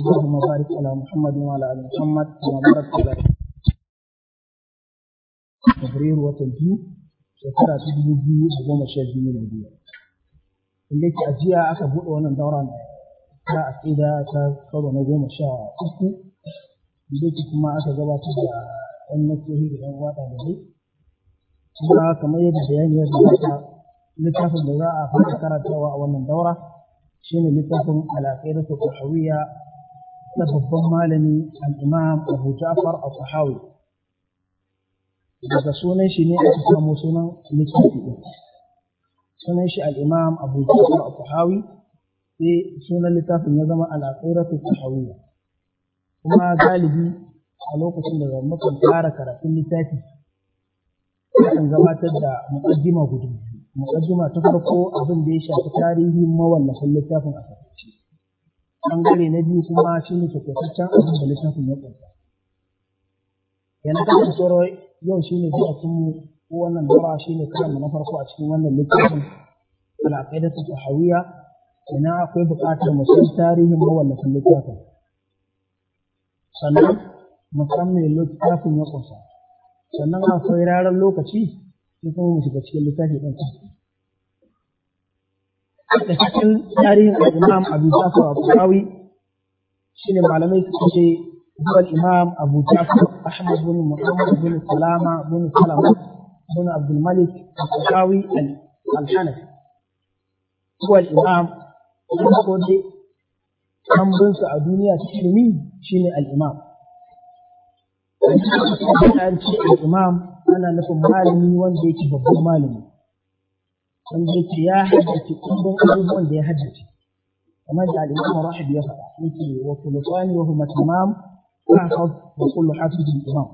اللهم بارك على محمد وعلى ال محمد كما باركت على تبرير وتنجيم shekara ta dubu biyu da goma sha biyu na biyar inda ke ajiya aka buɗe wannan daura ta aƙida ta karo na goma sha uku inda ke kuma aka gabatar da ɗan nasihi da ɗan waɗa da rai kuma kamar yadda bayani ya gabata littafin da za a fara karantawa a wannan daura shine littafin al'aqidatu tahawiyya na babban malami al'imam abu ja'far a sahawi daga sunan shi ne aka samu sunan littafi ɗin sunan shi al'imam abu ja'far a sahawi sai eh, sunan littafin ya zama al'aqiratu sahawiyya kuma galibi a lokacin da mukan fara karatun littafi akan gabatar da muƙaddima guda muƙaddima ta farko abin da ya shafi tarihin mawallafin littafin a ɓangare na biyu kuma shi ne takaitaccen abin da littafin ya ƙunsa yana tsoro yau shi ne zuwa sun ko wannan dara shi ne karanmu na farko a cikin wannan littafin al'aqidatu hawiya. ina akwai buƙatar mu san tarihin mawallafin littafin sannan mu san me littafin ya ƙunsa sannan akwai rarar lokaci sai kuma mu shiga cikin littafin ɗin da cikin tarihin al-imam abu jafar abu rawi shine malamai suka ce huwa al-imam abu jafar ahmad bin muhammad bin salama bin salama bin abdul malik al-rawi al-hanafi huwa al-imam ko dai an bin a duniya shi shine al-imam an ce al-imam ana nufin malami wanda yake babban malami sun yake ya haddace kundin abubuwan da ya haddace kamar da al'imam rahib ya faɗa yake wa kulqani wa huma tamam fa'af wa kullu hafizin imam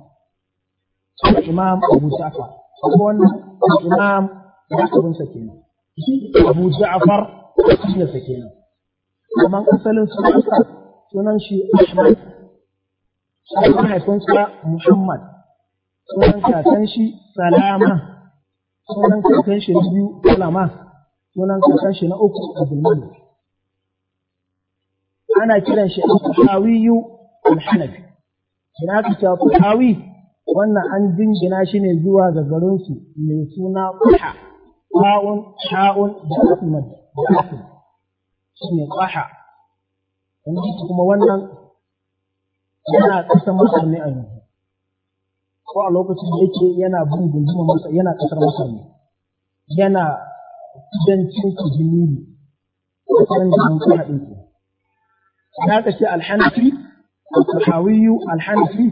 imam abu ja'far kuma wannan imam ya abun sa kenan abu ja'far shine sa kenan kamar asalin sunansa sunan shi ahmad sunan mahaifinsa muhammad sunan kakan shi salama sunan kakan shi na biyu ulama sunan kakan shi na uku abdulmani ana kiran shi al-hawiyu al-hanafi ina ka ku hawi wannan an dingina shi ne zuwa ga garinsu mai suna kuha ha'un ha'un da asmad da asmad shi ne kuha kuma wannan yana ƙasa masar ne a yanzu ko a lokacin da yake yana bin gunduma masa yana kasar masa ne yana kudancin kujinili a kan da an kana ɗin ku. na ka ce alhanafi alhawiyu alhanafi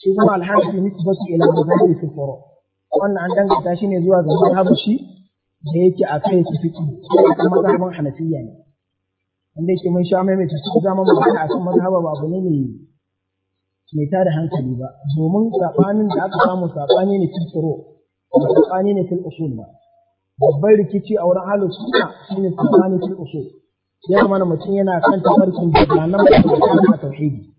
shi kuma alhanafi ne ba su ila mazhabi fi furu wannan an danganta shi ne zuwa ga mazhabi da yake a kai su fiki sai mazhabin hanafiya ne wanda yake mun sha mai mai tafi zama magana akan mazhaba ba abu ne mai mai tada hankali ba domin sabanin da aka samu sabani ne fil furu ba sabani ne fil usul ba babban rikici a wurin ahlus suna shine sabani fil usul ya zama mutum yana kan tafarkin da ba nan ba tauhidi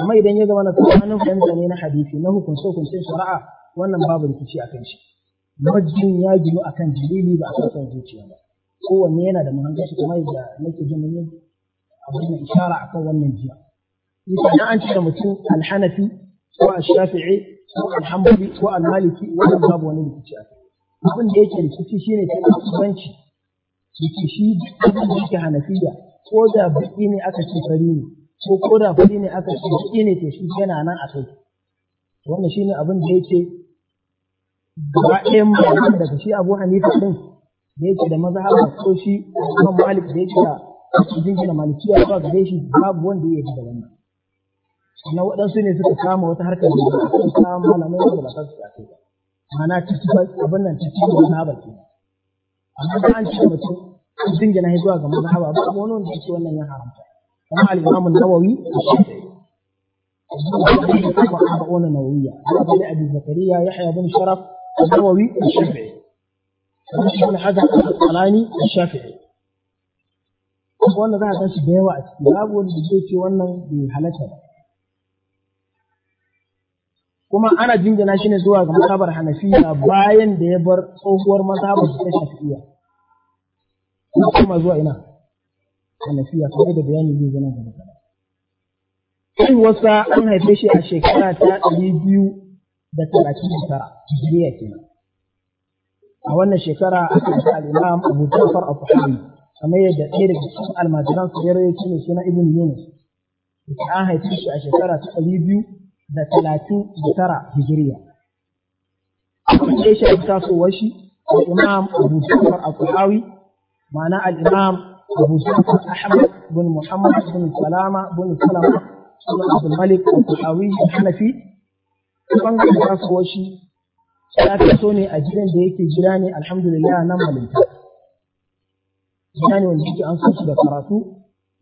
amma idan ya zama na sabanin fahimta ne na hadisi na hukunce hukuncin shari'a wannan babu rikici a kan shi majin ya ginu akan dalili ba a kan zuciya ba kowanne yana da muhangar shi kuma yadda nake jin mun abin ishara akan wannan jiya idan an ce da mutum alhanafi ko ashafi'i ko alhambali ko almaliki wannan babu wani rikici a abin da yake rikici shi shine ta kasuwanci rikici shi abin da yake hanafiya ko da baki ne aka ce fari ne ko ko da fari ne aka ce baki ne to shi yana nan a kai wannan shine abin da yake gaba ɗayan malaman daga shi abu hanifa din da yake da mazhaba ko shi imam malik da yake da jingina malikiya zuwa gare shi babu wanda ya yi da wannan sannan waɗansu ne suka kama wata harkar da ba su kama malamai wanda ba su ake ba ma'ana ta ci abin nan ta ci da mazhaba ke amma da an ce mutum an dingina ya zuwa ga mazhaba ba amma wani wanda yake wannan ya haramta kuma al-imam an-nawawi أربعون اربعون أبي زكريا يحيى بن شرف النووي الشافعي ابن حجر العسقلاني الشافعي wannan za a tashi da yawa a ciki babu kuma ana jingina shi ne zuwa ga mazhabar hanafiya bayan da ya bar tsohuwar mazhabar su ta shafi'iyya kuma zuwa ina hanafiya kuma da bayani zai zama gaba gaba kan wasa an haife shi a shekara ta ɗari biyu da talatin da tara hijiriya kenan a wannan shekara aka yi al'imam abu jafar a fahimi kamar yadda ɗaya daga cikin almajiran su ya shi ne suna ibn yunus an haife shi a shekara ta ɗari biyu da talatin da tara hijiriya. Abin da ya shafi tasowar shi, al'imam Abu Jafar al-Qurawi, ma'ana al'imam Abu Jafar Ahmad bin Muhammad bin Salama bin Salama bin Abdul Malik al-Qurawi Hanafi, bangaren tasowar shi ya taso ne a gidan da yake gida ne alhamdulillah nan malinta. Gida ne wanda yake an san shi da karatu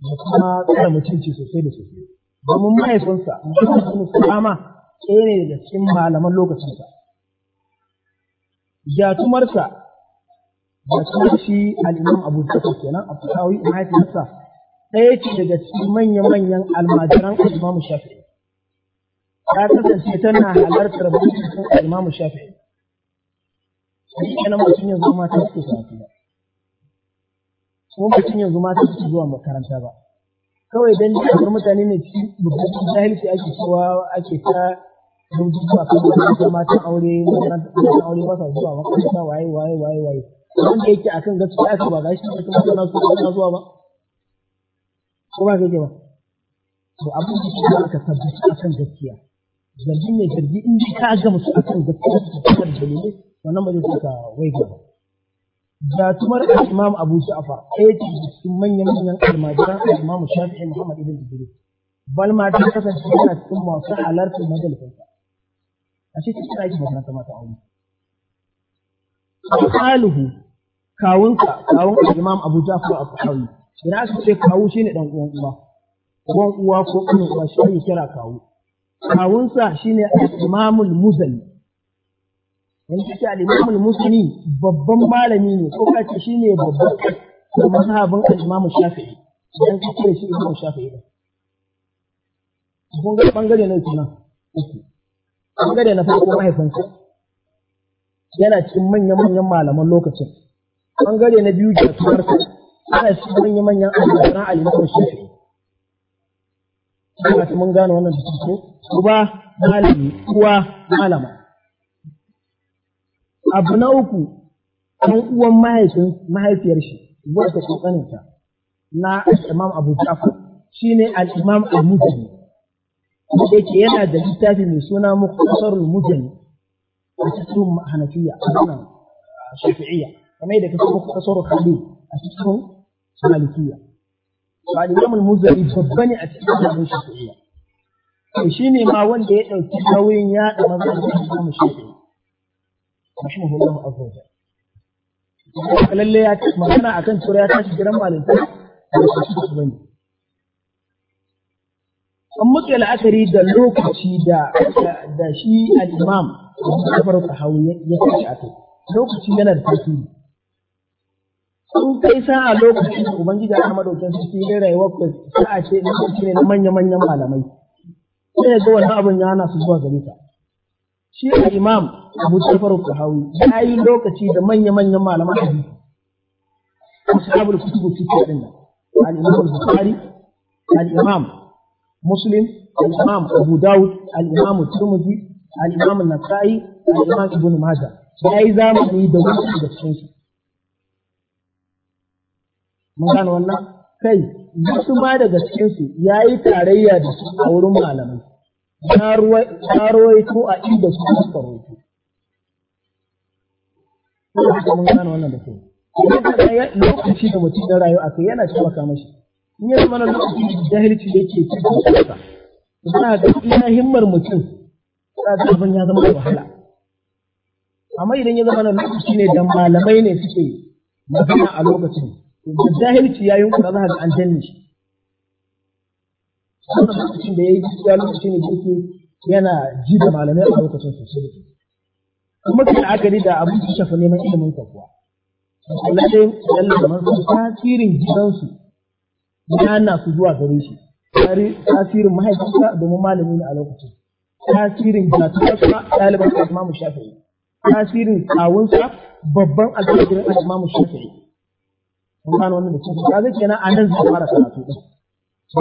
da kuma tsara mutunci sosai da sosai. domin mahaifinsa Yusuf bin Sulama ɗaya ne daga cikin malaman lokacinsa jatumarsa da kuma shi al-Imam Abu Bakar kenan a fatawi mahaifinsa ɗaya ce daga cikin manya-manyan almajiran Imam Shafi'i ta kasance tana halartar bikin Imam Shafi'i shi kenan mutum yanzu mata suke karatu ba kuma mutum yanzu ta suke zuwa makaranta ba kawai dan kamar mutane ne cikin mutum jahilci ake cewa ake ta rubutu ba kan wata mata aure matan aure ba sa zuwa ta waye waye waye waye wanda yake akan gaskiya aka ba gashi da kuma suna su na zuwa ba ko ba kake ba to abin da shi aka tabbata akan gaskiya zargi ne zargi in ka ga mutum akan gaskiya da dalilai wannan ba zai saka wai gaba jatumar imam abu ja'far ɗaya ce cikin manyan manyan almajiran imam shafi'i muhammad ibn idris bal ma ta kasance yana cikin masu halartar majalisinsa a cikin tana yake ta mata aure qaluhu kawunka kawun imam abu ja'far a qawi ina aka ce kawu shine dan uwan uwa uwan uwa ko kuma uwa shi ne kira kawu kawunsa shine imamul muzalli yanzu kace al-Imam al babban malami ne ko kace shine babban da mazhabin al-Imam Shafi'i dan kace shi Imam Shafi'i ne kun ga bangare ne kuma bangare na farko mahaifinsa yana cikin manya-manyan malaman lokacin bangare na biyu jatuwarsa ana cikin manya-manyan al'amuran al-Imam Shafi'i kuma mun gano wannan da ko ba malami, kuwa malama. abu na uku ɗan uwan mahaifin mahaifiyar shi wanda ko tsananta na imam abu jafar shine al-imam al-mujani da yake yana da littafi mai suna muktasarul mujani a cikin hanafiya a shafi'iyya kamar yadda kake muktasarul khalil a cikin malikiya ba al-imam al babba ne a cikin hanafiya shafi'iyya to shine ma wanda ya dauki nauyin yada mazhabin imam shafi'i رحمه الله عز وجل lalle ya ce magana kan cewa ya tashi gidan malinta da su bane an muke la'akari da lokaci da da shi al-imam Jafar Tahawi ya tashi a kai lokaci yana da tasiri sun kai sa'a lokacin da ubangiji Allah madaukakin sarki ya rayuwa ku sa'a ce ne na manya manyan malamai sai ga wannan abin ya hana su zuwa gare ka shi a imam Abu Ja'far al ya yi lokaci da manya-manyan malaman hadisi ashabul kutub sita din al-imam al-Bukhari al-imam Muslim al-imam Abu Dawud al-imam Tirmidhi al-imam An-Nasa'i al-imam Ibn Majah mu zamani da wani da cikin su mun gano wannan kai wasu ma daga cikin su yayi tarayya da su a wurin malamai ya ruwaito a inda su suka ruwaito. Kuma haka mun gane wannan da kai. Lokaci da mutum ya rayu a kai yana taimaka mashi. In ya zama lokaci da jahilci da ke cikin kasa. Suna ga ina himmar mutum, suna ga abin ya zama da wahala. Amma idan ya zama lokaci ne da malamai ne suke magana a lokacin, da jahilci ya yi kuna za ga an danne shi. wannan lokacin da ya yi gaskiya lokacin da yake yana ji da malamai a lokacin sosai da sosai kuma la'akari da abin da neman ilimin ka kuwa Allah dai yalla kamar su tasirin gidansu ya na su zuwa gare shi tasirin mahaifinsa domin malami ne a lokacin tasirin jatuwarsa ɗaliban al Shafi'i tasirin kawunsa babban al-Imam Shafi'i kun gano wannan da cikin kaga kenan a nan zai fara karatu din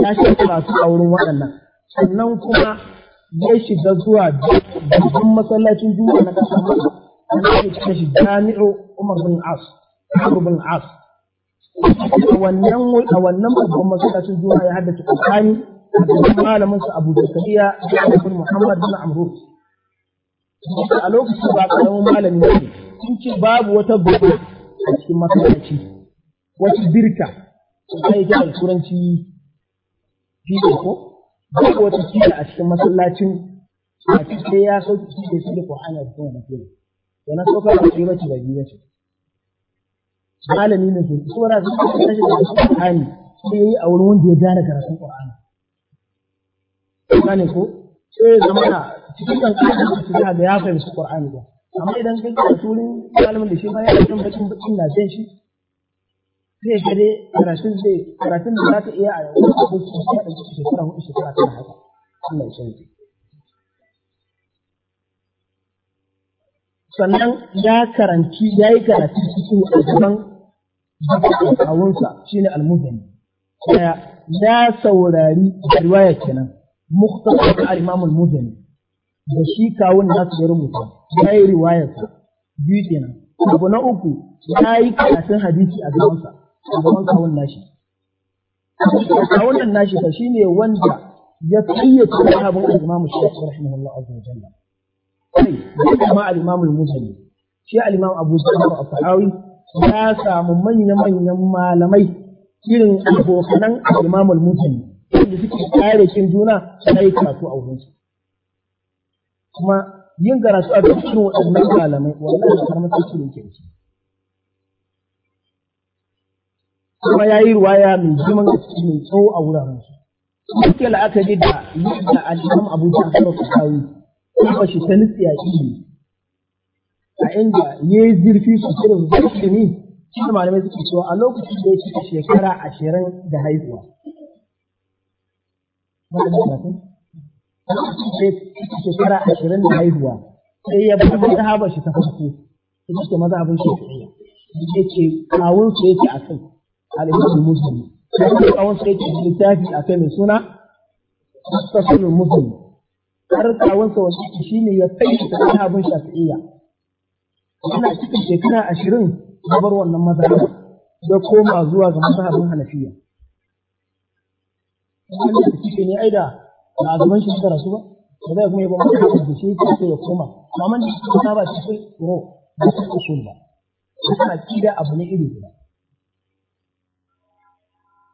ya shekara su a wurin waɗannan sannan kuma ya shiga zuwa babban masallacin juma'a na ƙasar Makka wanda ya kira shi jami'o Umar bin As Umar bin As wannan a wannan babban masallacin juma'a ya haddace Qur'ani a gaban malamin sa Abu Zakariya bin Muhammad bin Amr a lokacin ba karamin malami ne sun ce babu wata gobe a cikin masallaci wata birka sai ya turanci fiye ko duk wata fiye a cikin masallacin a cikin ya sauki kike shi da Qur'ani da sunna kenan yana sauka da ke bace da biye ce malami ne su wara su ta shi da Qur'ani sai yi a wurin wanda ya gane karatun Qur'ani gane ko sai zamana cikin kan kan su da ya fahimci Qur'ani ba amma idan kai ka turin malamin da shi ba ya san bakin bakin na zai shi zai gare karatun zai karatun da za ka iya a wani abin su ya ɗauki shekara hudu shekara tana haka Allah ya canza sannan ya karanci ya yi karatu cikin ɗaukakan kawunsa shi ne almuzani ɗaya ya saurari riwaya kenan muktasar da al'imamul muzani da shi kawun nasu ya rubuta ya yi riwayarsa biyu kenan abu na uku ya yi karatun hadisi a gabansa a gaban kawun nashi kawun nan nashi fa shine wanda ya kayyace mazhabin al-Imam Shafi'i rahimahullah azza wa jalla kai kuma al-Imam al-Muzani shi al-Imam Abu Sa'id al-Tahawi ya samu manya manyan malamai irin abokanan al-Imam al-Muzani wanda suke kare kin juna yi karatu a wurin su kuma yin karatu a cikin waɗannan malamai wallahi kamar mutum ke da shi kuma ya yi ruwaya mai zaman gaske mai tsawo a wuraren su suke la'akari da yadda al'imam abu a sama ku kawo kuma shi ta nutsi a ilimi a inda ya yi zirfi su kira zirfi ne, shi da malamai suke cewa a lokacin da ya cika shekara ashirin da haihuwa shekara ashirin da haihuwa sai ya bar mazhabar shi ta farko ita ce mazhabin Ya yake kawun su yake a kai al-Imam Muslim sai da kawon sai ke littafi a kai mai suna Tasawwur Muslim har kawon sa wasu ne ya kai shi ta fayyace abin Shafi'iyya ina cikin shekara ashirin na bar wannan mazhaba da koma zuwa ga mazhabin Hanafiya wannan cikin ne aida na azumin shi da rasu ba ba zai kuma yaba mazhabin da shi ke ya koma amma da shi ta ba shi ro ba shi usul ba kana kida abu ne iri guda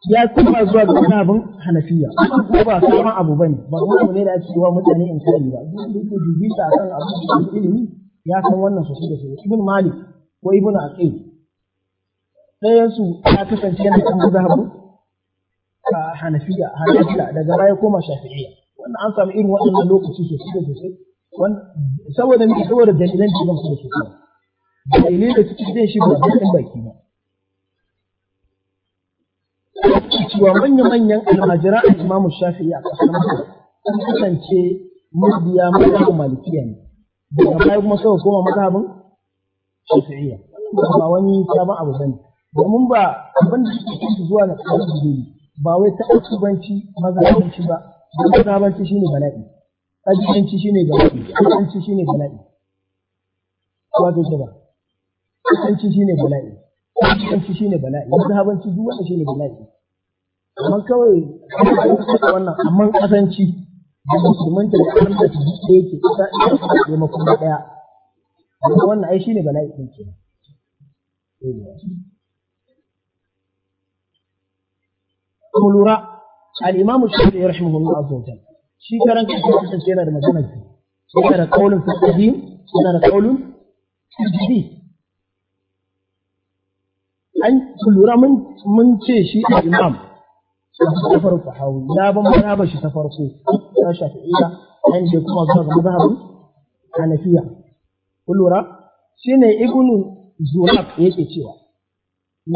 ya kuma zuwa ga wani abin hanafiya ko ba sama abu bane ba wani ne da ake cewa mutane in kari ba duk da yake jujita akan abu da ilimi ya san wannan sosai da sosai ibn malik ko ibn aqil ɗayan su ya kasance yana kan mazhabu a hanafiya hanafiya daga baya koma shafi'iyya wannan an samu irin waɗannan lokaci sosai da sosai saboda ne saboda dalilan da zan su da sosai da suke jin shi ba a cikin baki ba cewa manya-manyan almajira a imamu shafi'i a ƙasar Masar sun kasance mabiya mazhabin malikiya ne. Daga baya kuma suka koma mazhabin shafi'iyya. Ba wani sabon abu bane. Domin ba abin da suke su zuwa na ƙasar Jibili ba wai ta asubanci mazhabanci ba. Don mazhabanci shine bala'i. Ajiyanci shine bala'i. Ajiyanci shine bala'i. Wato ke ba. Ajiyanci shine bala'i. Ajiyanci shine bala'i. Mazhabanci duk shi shine bala'i. amma kawai wannan amma kasanci da musulman ta da da ta ji da yake ta ita ta da ɗaya, daya amma wannan ai shine bala'i din ke ku lura al-imam shafi'i rashin azza wa jalla shi karan kan kasance yana da magana ke, yana da kaulin fiqhi yana da kaulin fiqhi an lura mun ce shi imam kafar fahawi ya ban mazhabar shi ta farko ta shafi'iyya an je kuma zuwa ga mazhabin hanafiya kun lura shine ibnu yake cewa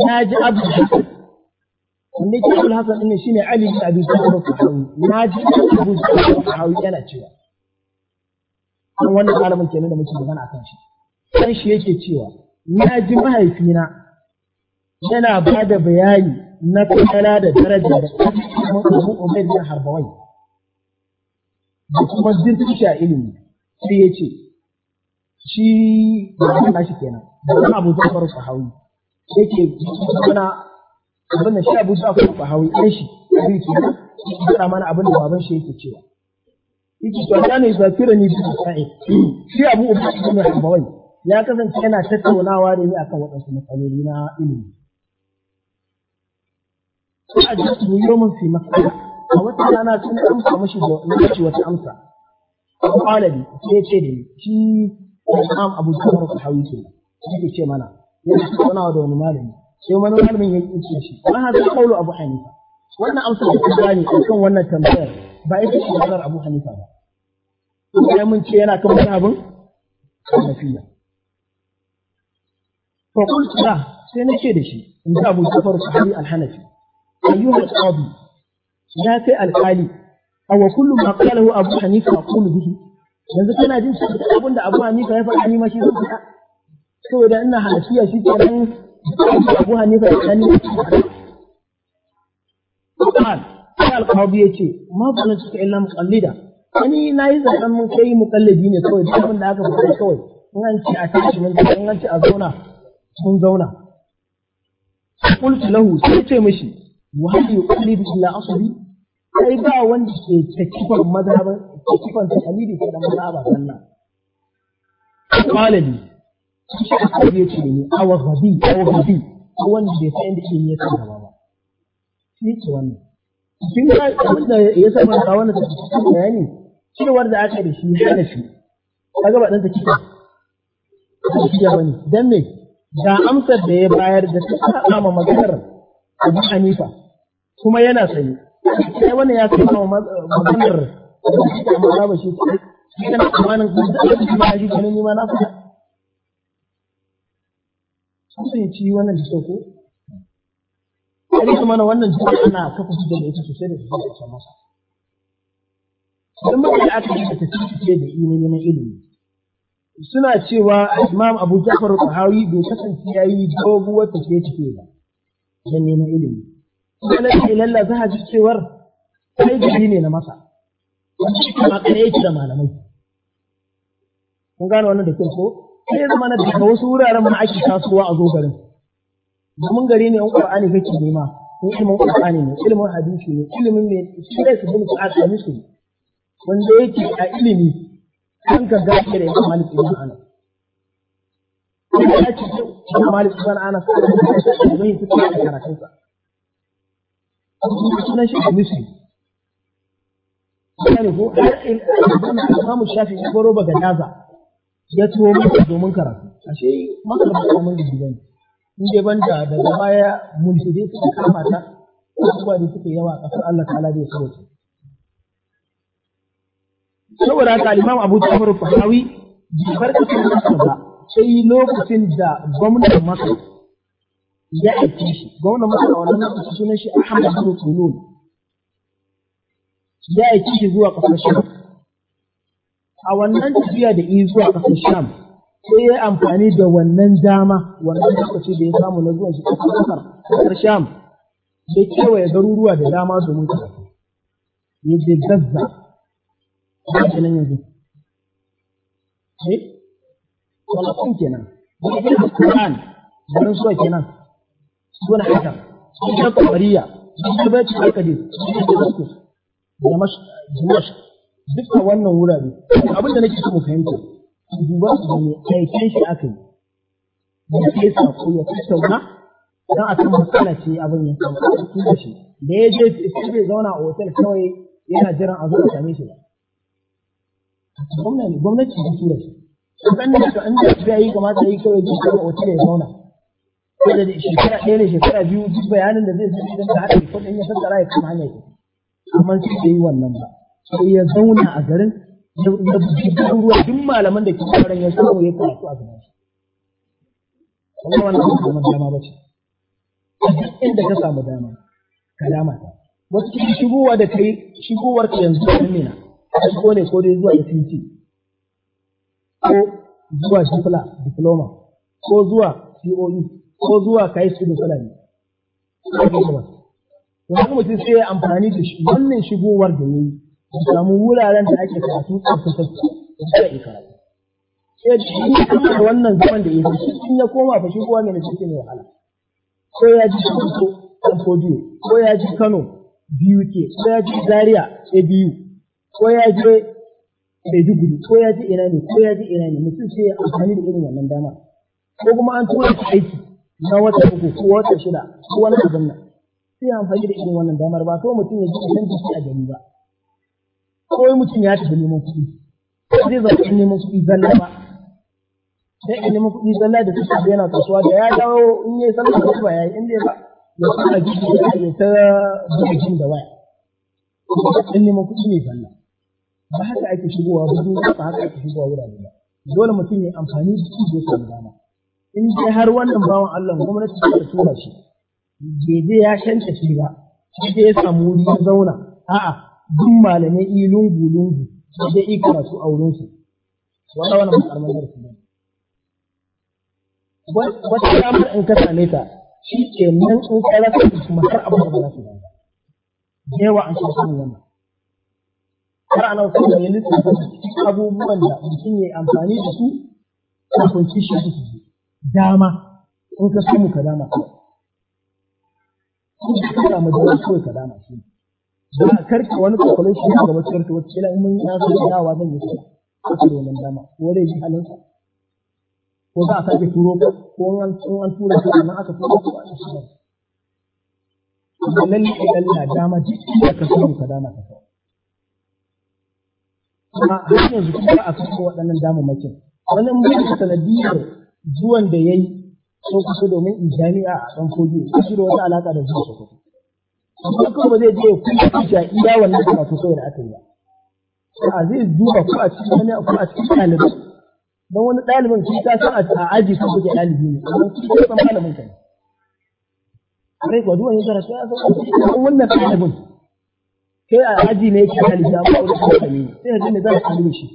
na ji abu wanda yake abu hasan din shine ali bin abi talib na ji abu yana cewa wannan kenan da muke magana akan shi kan shi yake cewa na ji mahaifina yana ba da bayani na kwana da daraja da kuma abu umar bin harbawai da kuma jin tushe ilimi sai ya ce shi da Allah shi kenan da wani abu zafar sahawi yake mana abin da shi abu zafar hawi, ɗan shi zai ce yana mana abin da baban shi yake cewa yake to ya ne zakira ni bi sa'i shi abu umar bin harbawai ya kasance yana tattaunawa da ni akan waɗansu matsaloli na ilimi ko a ji su yi min fi masala a wata rana sun amsa mashi da lokaci wata amsa an kwala bi sai ce da ni shi Imam Abu Jafar Sahawi ke yake ce mana yana tattaunawa da wani malami sai wani malamin ya ce shi wa hada qawlu Abu Hanifa wannan amsa da ta a kan wannan tambayar ba ita ce maganar Abu Hanifa ba sai mun ce yana kan wani abin Hanafiya fa qultu la ah, sai na ce da shi in da Abu Jafar Sahawi al alhanafi. أيها القاضي يا كي القالي أو كل ما قاله أبو حنيفة أقول به yanzu kana jin shi da abin da Abu Hanifa ya faɗa ni ma shi zan faɗa saboda ina halafiya shi kenan Abu Hanifa ya faɗa ni Qur'an sai al-Qadi yace ma zalantu ka illa muqallida ani nayi zalan mun kai muqallidi ne kawai duk abin da aka faɗa kawai in an ce a tashi mun in an ce a zauna mun zauna qultu lahu sai ce mishi wa hal yuqallidu illa asli sai ba wanda ke takifan mazhaba takifan taqlidi ko da mazhaba sallah malami shi aka yi ce ne awa gabi awa gabi ko wanda bai san inda ke ne ya san gaba ba shi ce wannan kin ga da ya sa mana bayani cewar da aka da shi hanafi kaga ba dan takifa ba ne dan me ga amsar da ya bayar da ta saba ma maganar Abu Hanifa kuma yana sani sai wani ya kai ma maganar amma ba shi kana tsammanin kuma shi kana nima na fada sai ci wannan da ko Kari mana wannan jikin ana kafa su da ita sosai da sosai a can masa. Don mutane aka yi ta ce da ne na ilimi. Suna cewa Imam Abu Ja'far Tahawi bai kasance yayi doguwar tafiye-tafiye ba. don neman ilimi wani da ilalla za a ji cewar kai jiri ne na masa kuma kare yake da malamai kun gane wannan da kyau ko sai ya zama na daga wasu wuraren ma ake kasuwa a zo garin domin gari ne in qur'ani kake nema ko ilimin qur'ani ne ilimin hadisi ne ilimin ne shi da su bin sa'ad da musu wanda yake a ilimi an ka ga da ya kamata ilimi ana ko da Imam Malik ibn Anas mai suke da karatun sa sunan shi Muslim yana ko har in Imam Shafi ya baro baga daza ya tuwo masa domin karatu ashe makar ba mun gidi bane in dai banda daga baya mulhidi suka kama ta abubuwa da suke yawa a kasar Allah ta'ala zai sauke saboda haka Abuja imam Abu Ja'far al sai lokacin da gwamnan Masar ya aiki shi gwamnan Masar a wannan lokacin sunan shi Ahmad bin Tulun ya aiki shi zuwa ƙasar Sham a wannan tafiya da yi zuwa ƙasar Sham sai ya amfani da wannan dama wannan lokaci da ya samu na zuwa shi ƙasar Masar ƙasar Sham ya kewaye garuruwa da dama domin ta ya je Gaza a kenan yanzu eh? Salafin kenan. Wani Al-Qur'an garin suwa kenan. Suna haka. Suna Kamariya. Suna Baci Al-Qadir. Suna Damascus. Damash. Damash. Duka wannan wurare. Abin da nake so mu fahimta. Duba su da ne aikin shi aka yi. Ya kai sako ya tattauna don a san matsala ce abin ya samu a cikin shi. Da ya je sai bai zauna a otal kawai yana jiran a zo a same shi ba. Gwamnati ne, gwamnati ne tura shi. sun san da to an da tafiya yi kamata yi kawai da shi wata da ya zauna sai da shekara ɗaya da shekara biyu duk bayanin da zai sani don da haɗa ko ɗan ya tattara ya kama hanyar amma su da yi wannan ba sai ya zauna a garin ya buɗe ruwa duk malaman da ke kwaran ya samu ya karatu a gaban shi kuma wannan ba kuma dama ba ce duk inda ka samu dama kalama ta wasu shigowa da kai shigowar ka yanzu a nan ne na shigo ne ko dai zuwa ya fi ko zuwa shifla diploma ko zuwa COE ko zuwa kai su da ne wani mutum sai ya amfani da wannan shigowar da ya yi ya samu wuraren da ake karatu tsaftatacce da ya karatu sai da shi wannan zaman da ya yi in ya koma fa shigowa ne na cikin wahala ko ya ji shi ko fodiyo ko ya ji Kano biyu ke ko ya ji Zaria sai biyu ko ya je ji gudu, ko ya ji ina ne ko ya ji ina ne mutum sai ya amfani da irin wannan dama ko kuma an tura shi aiki na wata uku ko wata shida ko wani abin nan sai ya amfani da irin wannan damar ba ko mutum ya ji idan jiki a gari ba ko mutum ya tafi neman kuɗi ko zai zaɓi neman kuɗi zalla ba sai in neman kuɗi zalla da suka yana kasuwa da ya dawo in ya sallah da ba ya yi in bai ba ya kuma gidi ya ta buga jin da waya in neman kuɗi ne zalla ba haka ake shigowa ba duniya ba haka ake shigowa wurare ba dole mutum ya amfani da shi da samu dama in dai har wannan bawan Allah gwamnati ta tura shi bai je ya shanta shi ba shi dai ya samu wuri ya zauna a'a duk malamai yi lungu lungu sai dai i karatu a wurin su wanda wannan makarman darasi ne wata damar in ka same ta shi ke nan in ka rasa kuma har abu da ba za su ba da yawa an shi samu wannan har ana so da yin abubuwan da mutum ya amfani da su kafin kishi su su dama in ka samu ka dama Su ka samu dama kawai ka dama shi ba karka wani kwakwalon shi ga matuwar ta wata kila in mun ya zo yawa zan yi kira ko ce domin dama ko dai ji halinsa ko za a sake turo ko in an tura ko nan aka turo ko an shi lalle lalle dama duk da ka samu ka dama ka kuma har yanzu kuma a kan waɗannan damamakin wannan mutum sanadiyar zuwan da ya yi so kusa domin in jami'a a ɗan kogi ko shi da wata alaƙa da zuwa sokoto amma kuma ba zai je kuma kuja iya wannan karatu kawai da aka yi ba a zai duba ko a cikin wani ko a cikin ɗalibin. don wani ɗalibin shi ta san a aji ko kuke ɗalibi ne amma shi ta san malamin ka ne. Rai kwa duwan ya karatu ya san wannan ɗalibin Sai a aji ne yake hali da ma'aure ko kami sai ka ne za ka kalli shi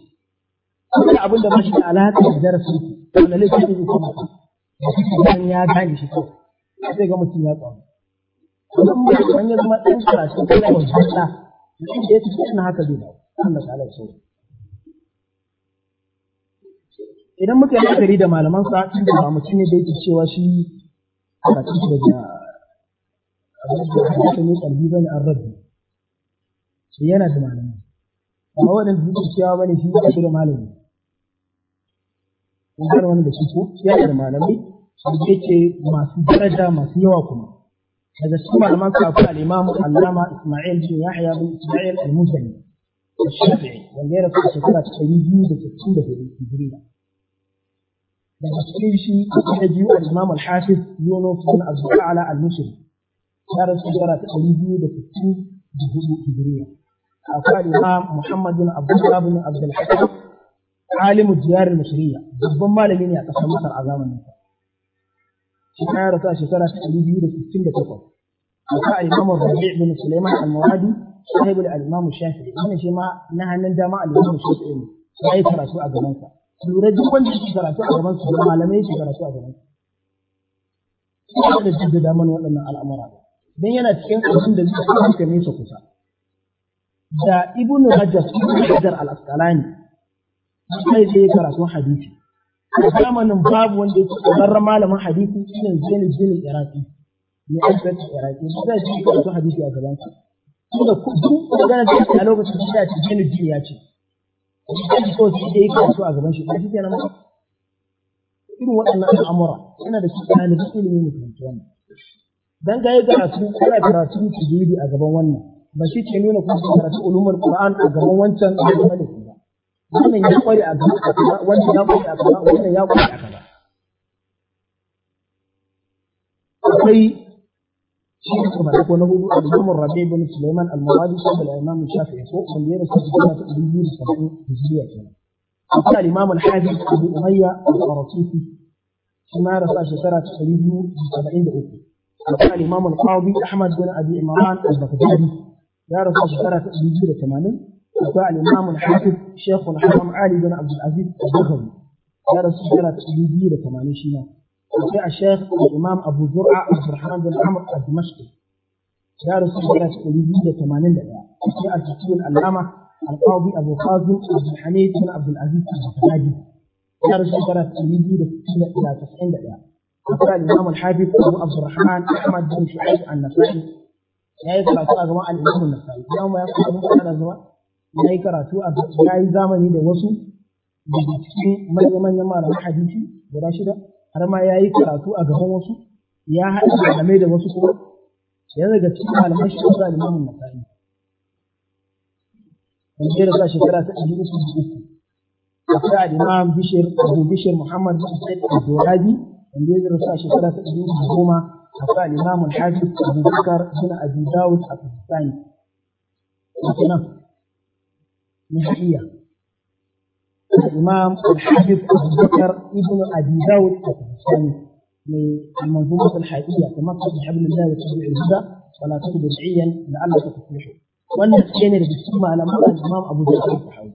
kuma abin da ba shi da alaka da darasin wanda ne ne ko mutum da kike dan ya gane shi ko sai ga mutum ya tsamu wannan mutum an ya zama dan karatu ko da wanda da shi yake cikin haka zai dawo Allah ta'ala ya sauke idan muka yi la'akari da malaman sa tun da mutum ne da yake cewa shi karatu daga abin da ya ne kalbi bane an rabu. sai yana da malamai amma waɗanda suke cewa bane shi ya shi da malami ko gane wani da shi ko yana da malamai sai yake masu daraja masu yawa kuma daga cikin malaman sa akwai al-Imam Allama Isma'il bin Yahya bin Isma'il al-Muzani الشافعي wanda ya rasu a shekara ta ɗari biyu da sittin da hudu hijiriya daga cikin shi akwai biyu al-Imam al-Hafiz Yunus bin Ala al ya rasu shekara ta da da hudu akwai al'imam Muhammad bin Abdullah bin Abdul Hakam alimu diyar Misriya babban malami ne a ƙasar Masar a zamanin sa shi ya a shekara ta ɗari biyu da sittin da takwas akwai al'imam Rabi bin Sulaiman al al-imam Shafi'i wannan shi ma na hannun dama al-imam Shafi'i ne ya yi karatu a gaban duk wanda yake karatu a gaban sa malamai yake karatu a gaban sa kuma da duk da al'amura Dan yana cikin abin da zai kuma nesa kusa da ibnu hajar ibnu hajar al-asqalani sai sai karatu hadisi zamanin babu wanda yake kamar malamin hadisi shine zain jinin iraki ne asbat iraki sai shi karatu hadisi a gaban sa kuma duk magana da a lokacin da ya ce zain jinin ya ce sai ko sai yake karatu a gaban shi shi kenan irin waɗannan al'amura yana da shi ɗalibin ilimi ne kan wannan dan ga ya karatu kana karatu tajwidi a gaban wannan ba shi ke nuna kuma karatu ulumul Qur'an a gaban wancan da kuma da ba wannan ya kware a gaban kaza wannan ya kware a kaza wannan ya kware a kaza akwai shi ne kuma da na hudu al-Imam Rabi' bin Sulaiman al-Muradi sabbal al-Imam Shafi'i ko wanda ya rasu cikin ta 270 hijriya kenan akwai al-Imam al-Hafiz Abu Umayya al-Qaratufi shi ma rasa shekara ta 273 akwai al-Imam al-Qadi Ahmad bin Abi Imran al-Baghdadi يعرف رسول شكرا تجيجي لتمانين الإمام الحافظ الشيخ الحرام علي بن عبد العزيز البخاري يعرف رسول شكرا تجيجي لتمانين شيما الشيخ الإمام أبو زرعة عبد الرحمن بن عمر الدمشقي يعرف رسول شكرا تجيجي لتمانين دقيقة وقع الكتير العلامة القاضي أبو خازم عبد الحميد بن عبد العزيز البخاري يعرف رسول شكرا تجيجي لتسعين دقيقة وقع الإمام الحافظ أبو عبد الرحمن أحمد بن شعيب النصري ya yi karatu a gaban al'ummar nasari ya ma ya kuma mun faɗa da zama ya yi karatu a ya yi zamani da wasu daga cikin manya-manyan malaman hadisi guda shida har ma ya yi karatu a gaban wasu ya haɗa malamai da wasu kuma ya daga cikin malaman shi da al'imamun nasari wanda ya rasa shekara ta ɗari uku da uku akwai al'imam bishir abu bishir muhammad bin sa'id al-dorabi wanda ya rasa shekara ta ɗari uku da goma حتى الإمام الحافظ أبو بكر بن أبي داود الثاني وكنا من الإمام الحافظ أبو بكر ابن أبي داود الثاني من منظومة الحقيقة تمسك بحبل الله وتبع الهدى ولا تكن بدعيا لعلك تفلح وأن الثاني الذي تسمى على مولى الإمام أبو بكر الصحابي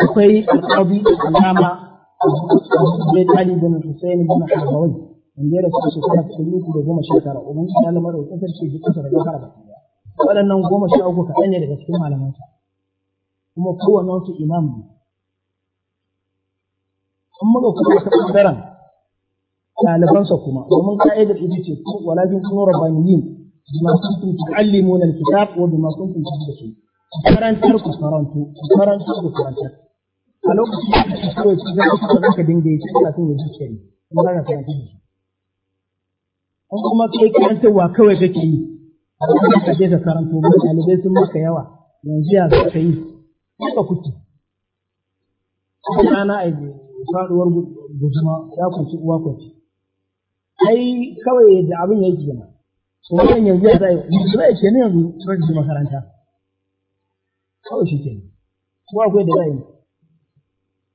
akwai alƙabi alama sai talib bin Hussein gina Harbawai wanda ya rasu shekara ta ɗari uku da goma shekara, tara ubangiji ta lamar da kasar ce duk kasar gafara ba waɗannan goma sha uku kaɗan ne daga cikin malamansa kuma kowane wasu imam ne in muka kuma ta ɓangaren ɗalibansa kuma domin ka'idar ita ce walakin kuma rabbaniyin bima kuntum tu'allimuna alkitab wa bima kuntum tadrusun karantar ku karanto ku karanto ku karantar a lokacin da kake so ki ga ka za ka dinga yi kana son ya zuciya ne kuma kana karanta shi an kuma kai karantarwa kawai kake yi a lokacin je ka karanto ba ɗalibai sun maka yawa yanzu ya za ka yi Kuma kuke rana a faɗuwar guzuma ya kunci uwa kunci ai kawai da abin ya yi jima, kuma kan yanzu ya zai yanzu zai kenan yanzu sai makaranta kawai shi ke kenan ko akwai da za a yi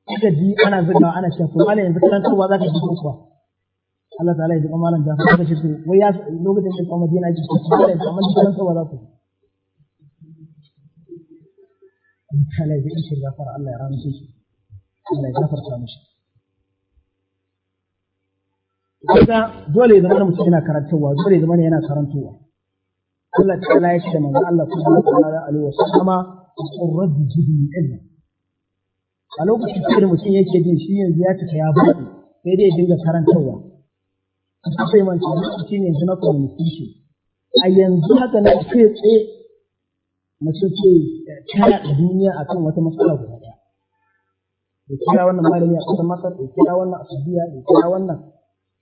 kuka ji ana zugawa ana yanzu karantarwa za ka ji Allah ta'ala ya ji ce wai ya lokacin da kuma ji karantarwa za ku Allah ya ji shi Allah ya shi Allah ya gafarta mishi kaga dole zama mutum yana karantarwa dole yana karantarwa Allah ta'ala ya ce manzo Allah sallallahu alaihi wa qurrat bi a lokacin da mutum yake jin shi yanzu ya cika ya buɗe sai dai ya dinga karantarwa akwai manta cikin yanzu na communication a yanzu haka na kai tsaye mutum ce tana duniya akan wata matsala guda ɗaya ya kira wannan malami a ƙasar masar ya kira wannan a saudiya ya kira wannan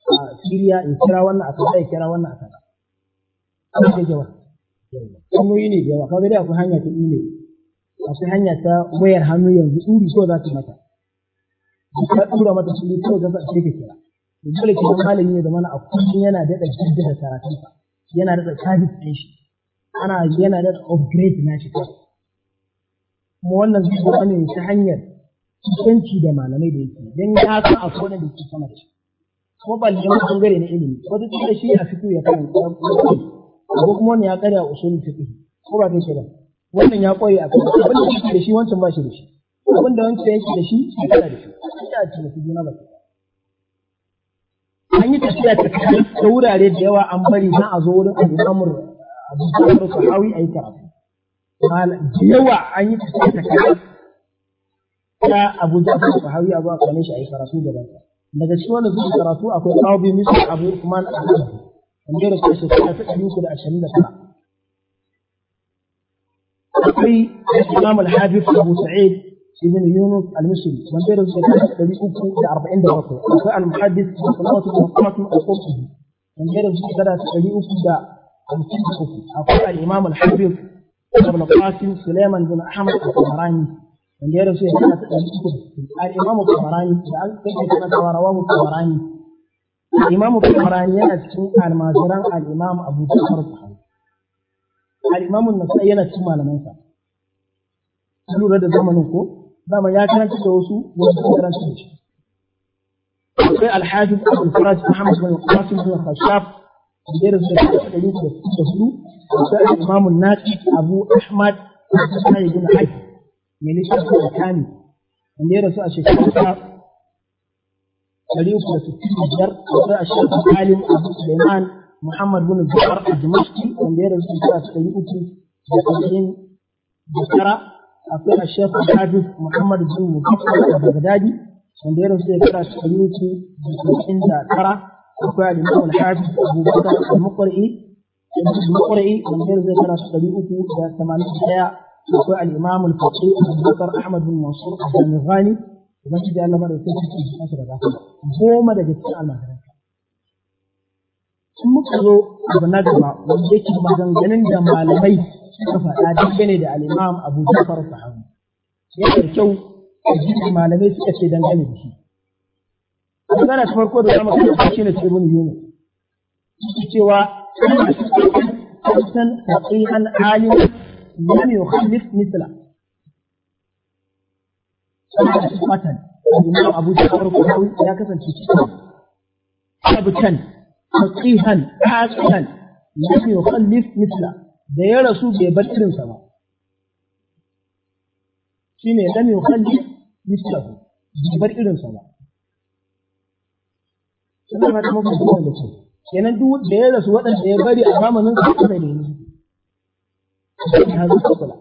a siriya ya kira wannan a kasa ya kira wannan a kuma an ce jawa hanyoyi ne jawa kaga dai akwai hanya ta imel masu hanya ta wayar hannu yanzu tsuri so za su mata ka ɗura mata ɗuri kawai za su ake kira da ke malami da zamana a kullum yana daɗa jaddada karatunsa yana daɗa sabis ɗin shi ana yana daɗa upgrade na shi kawai kuma wannan zai zama ne ta hanyar kusanci da malamai da yake don ya san a kowane da ke sama da shi kuma ba liman ɓangare na ilimi wata tsira shi a fito ya kan ko kuma wani ya karya usulun fiqh ko ba kai ba wannan ya koyi a kan abin da yake da shi wancan ba shi da shi abin da wancan yake da shi shi kana da shi ita a cikin juna ba an yi tafiya ta ta wurare da yawa an bari na a zo wurin al'amur abu jafar sahawi a yi karatu da yawa an yi tafiya ta ta abu jafar sahawi a ba kane shi a yi karatu da banka daga cikin wanda suke karatu akwai kawo bi musu abu kuma al'amur wanda ya rasu shekara ta ɗari uku da ashirin da tara أخي السلام الحافظ أبو سعيد ابن يونس المسلم من درس الكتاب الذي أكتب في أربعين درجة أخاء المحدث صلى الله عليه وسلم من درس الكتاب الذي أكتب خمسين كتب أخاء الإمام الحافظ ابن القاسم سليمان بن أحمد الطبراني من درس الكتاب الذي أكتب الإمام الطبراني سأل كيف كان رواه الطبراني الإمام الطبراني يأتي عن ماجران الإمام أبو بكر الطبراني الإمام النسائي يأتي على ماجران ta lura da zamanin ko dama ya karanta da wasu wasu sun karanta da shi akwai alhaji abul faraj muhammad bin qasim bin khashaf da da suka da dari da da su akwai al naqi abu ahmad sai ibn hayy ne ne shi da kani da da a shekaru ta dari da sittin da biyar akwai ashrafu alim abu sulaiman muhammad bin zuhair al-dimashqi a ta da da akwai a shekhu hafiz muhammad bin mubarak a bagdadi wanda ya rasu shekara shekaru ce cikin da tara akwai al-imam al-hafiz abubakar al-muqri al-muqri wanda ya rasu shekara shekaru uku da tamanin daya akwai al-imam al-faqih abubakar ahmad bin mansur al-ghani idan shi da Allah mara sai shi shi masa da gafa goma daga cikin al sun muka zo abu na gaba wanda yake maganganun da malamai suka faɗa dangane da al'imam Abu Ja'far Sahawi yana da kyau da malamai suka ce dangane da shi magana ta farko da zama kai shi ne tsirin yunus yake cewa san haqiqan alim lam yukhallif mithla matan Imam Abu Ja'far Sahawi ya kasance cikin abutan haqiqan asilan lam yukhallif mithla da ya rasu bai bar irinsa ba shine lam yukhalli mislahu bai bar irinsa ba Sannan ma kuma mafi zuwa ce kenan duk da ya rasu waɗanda ya bari a zamanin sa suka ne ne ya zo kula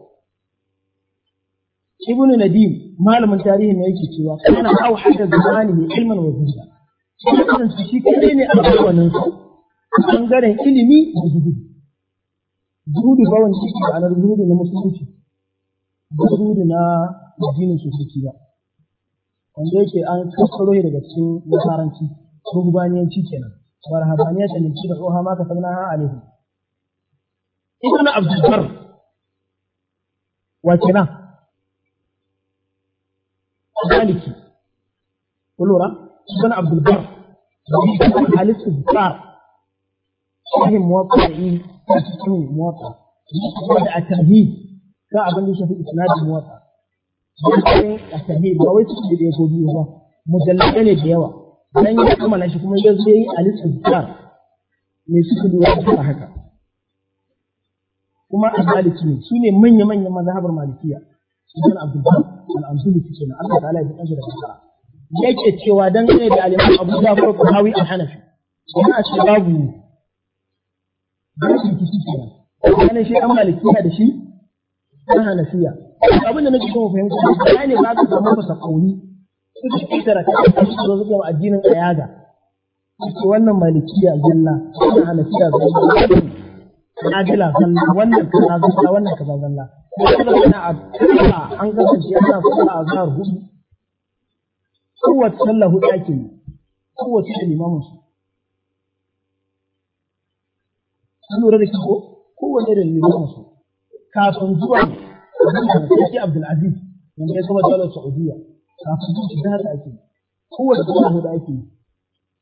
ibn nadim malamin tarihi ne yake cewa kana au hada zamani ilman wa zuwa shi kadai ne a zamanin sa garin ilimi da zuhudu zuhudu ba wanda yake ma'anar zuhudu na musulunci ba zuhudu na addinin sosai ba wanda yake an kaskaro daga cikin nasaranci rububaniyanci kenan wa rahabaniya ta limci da tsoha maka ka sabna ha alaihi ibn abdul bar wa kenan maliki kullura ibn abdul bar da al-istizkar sharhin muwatta da yi a cikin kuma da a tarhib ka abin da shafi isnadin muwatta dokin a tarhib ba wai cikin da ko biyu ba mujallada ne da yawa dan ya kammala shi kuma yanzu yayi al-istizkar ne suka duwa suka haka kuma al-maliki ne shine manya manyan mazhabar malikiya sunan abdul al-amsuli kenan Allah ta'ala ya kashi da fasara yake cewa dangane da al-imam Abu da al-Qahawi al-Hanafi kuma a ce babu rashin kishi kenan wannan shi an malikiya da shi an hanafiya abin da nake kuma fahimta ba ne ba ka samu fasa kauni suka kitara ka zo suka yi addinin ayaga wannan malikiya zalla wannan hanafiya zalla na ji zalla. wannan kaza zalla wannan kaza zalla an kasance ana fara azhar hudu kowace sallah hudu ake yi kowace limamin su an lura da kyau kowane da limamin su kafin zuwa da sarki Abdulaziz wanda ya saba daular Saudiya kafin zuwa shi haka ake da kuma da ake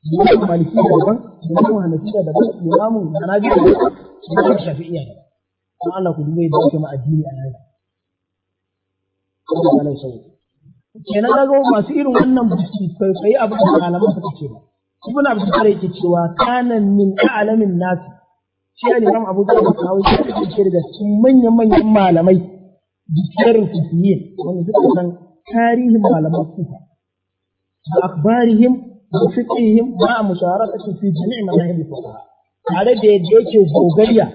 yi limamin maliki da daban da limamin hanafi da daban limamin hanabi da daban limamin shafi'iyya da kuma Allah ku dubai da ake ma addini a yanzu Allah ya sauke kenan daga masu irin wannan biki kwaikwayi abin da malaman suka ce ba ibn abdul yake cewa kanan min a'lamin nasi shi al-imam abu da ba kawo shi da shi daga cikin manyan manyan malamai bishiyar kufiyin wanda suka san tarihin malaman kufa da akbarihim da fiqhihim ba a da musharakatu fi jami' madahib al-fuqaha tare da yadda yake gogariya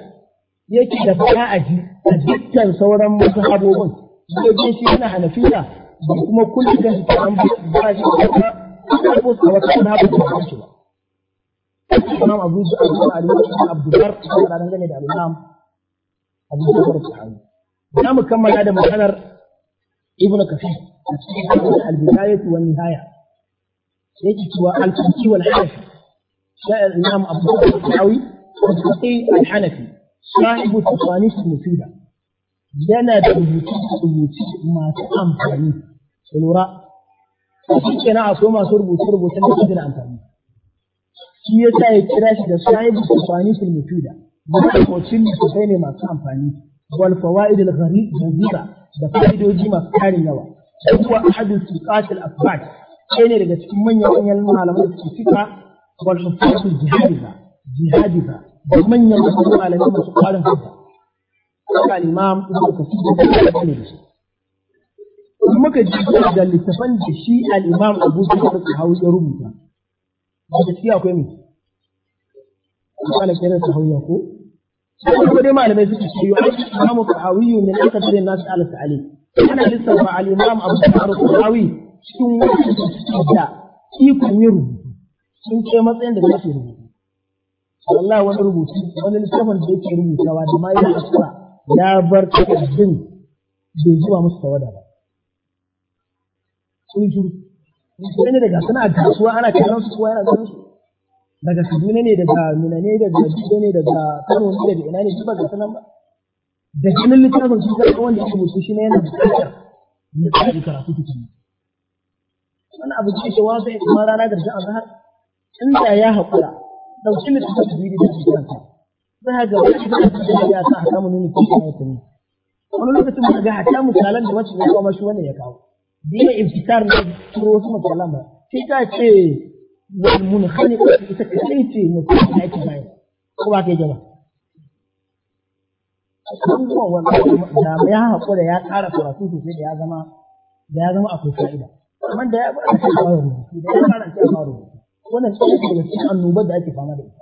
yake da ba a ji a dukkan sauran mazhabobin sai shi yana hanafiya da kuma kullum da shi an ba shi da kuma ko wata na ba shi ba الإمام أبو جعفر علي بن عبد البر هذا أنا جاني دعوة الإمام أبو جعفر الصحابي الإمام كم من هذا مهدر ابن كثير البداية والنهاية يجت والحنفي والحنفي سأل الإمام أبو جعفر الصحابي الفقي الحنفي صاحب تصانيف مفيدة جنى بالبوتي بالبوتي ما تأمر عليه سلورا فكيف أنا أصوم أصور بوتي بوتي أنا أصور shi ya sa ya kira shi da sahibu sufani fil mufida mawacin littattafai ne masu amfani wal fawaid al ghazira da fa'idoji masu tarin yawa sai kuwa ahadul tuqat al afbad sai ne daga cikin manyan manyan malaman da suke fika wal hufatul jihadiza jihadiza da manyan manyan malamai masu karin hujja haka al-imam ibnu kasir da ne da shi muka ji da littafan da shi al-imam abu bakr al-hawi ya rubuta daga shi akwai mu misalin ta sahawiyya ko sai kuma dai malamai suke ce yau imamu sahawiyyu min akthar nas ala ta'lim ana lissafa al imam abu bakar sahawi cikin wannan da ikon yin rubutu sun ce matsayin da yake rubutu wallahi wani rubutu wani littafin da yake rubutawa da ma yana asura ya bar takardun bai zuwa musu tawada ba sun shiru sai ne daga suna kasuwa ana kallon su kowa yana ganin su daga Kaduna ne daga Mina ne daga Jibe ne daga Kano ne daga ina ne duk ba sanan ba da jinin littafin su zai da ya rubuta shi ne yana buƙatar ne ta yi karatu ta cikin wani abu ce ke wasu ya kuma rana da a zahar in da ya haƙura ɗauki littafin su biyu da su kanta za ga wani da ta ya sa a samu nuna cikin aikini wani lokacin ba ga hata misalan da wacce ya kawo mashi wannan ya kawo dina ibtikar ne turo su makalan sai ta ce wal munkhani ita kai ce mutum da ake bai ko ba ke jama abubuwan wannan da ya haƙura ya kara karatu sosai da ya zama da ya zama akwai fa'ida da ya ƙara da ya fara rubutu wannan tsaye daga cikin annobar da ake fama da ita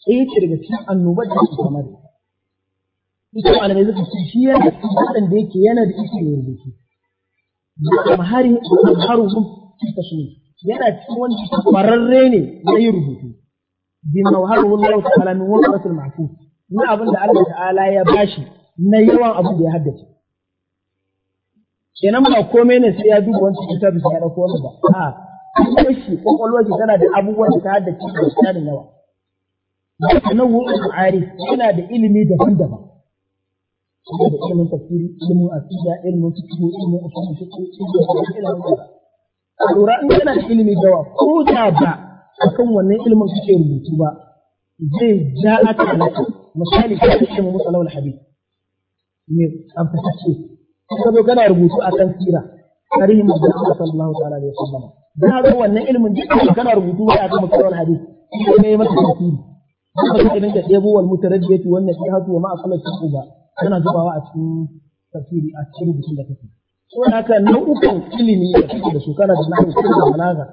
tsaye daga cikin annobar da ake fama da ita ita malamai shi yana yake yana da yanzu maharin haruhum fi tasmin yana cikin wanda kwararre ne na yin rubutu bima waharuhu Allah ta'ala min waqatil ma'fuf ni abin da Allah ta'ala ya bashi na yawan abu da ya haddace kenan ba komai ne sai ya duba wancan kitabi sai ya dauko wani ba a kuma shi kwakwalwar shi tana da abubuwan da ta haddace da tsarin yawa nan wurin arif yana da ilimi daban-daban suna da ilimin tafsiri ilimin asida ilimin fiqh ilimin usul fiqh ilimin kaza a lura in kana da ilimi da ko da ba akan wannan ilimin kake rubutu ba zai ja aka alaka misali ka ce mu musallawul habib ne an fasace kazo kana rubutu akan sira tarihin manzon Allah sallallahu alaihi wasallam da ga wannan ilimin duk kana rubutu ba akan musallawul habib ne masa tafsiri ba ka dinga debo wal mutaraddiyati wannan ihatu wa ma aqalla ba kana zubawa a cikin tafsiri a cikin rubutun da kake so haka nau'ukan ilimi da kake da su kana da nahu kana da balaga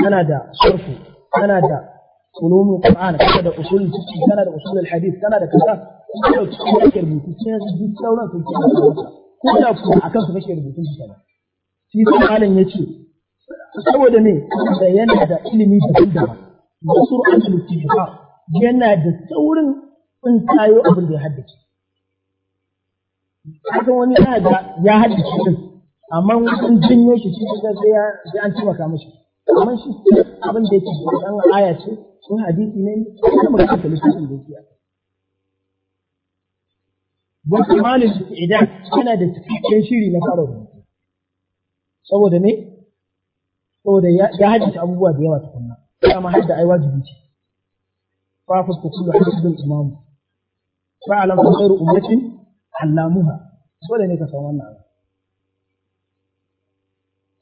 kana da sarfu kana da ulumul qur'an kana da usul fiqh kana da usul hadith kana da kaza kana da cikin kake rubutu sai duk sauran sun ke ko da ku akan su kake rubutun shi kana shi sai malam yace saboda me da yana da ilimi daban-daban da sur'atul istihbar yana da saurin tsintayo abin da ya haddace Hakan wani yana da ya haɗa cikin, amma wajen janyo shi cikin sai ya sai an taimaka mashi. Amma shi abin da yake dan aya ce, in hadisi ne, kuma ga aka lissafin da yake. wa kamalin idan yana da cikakken shiri na fara rubutu saboda ne saboda ya haddace abubuwa da yawa tukunna kama hadda ai wajibi ce fa fusku kullu hasbun imam fa alam khairu ummatin allamuha da ne ka samu wannan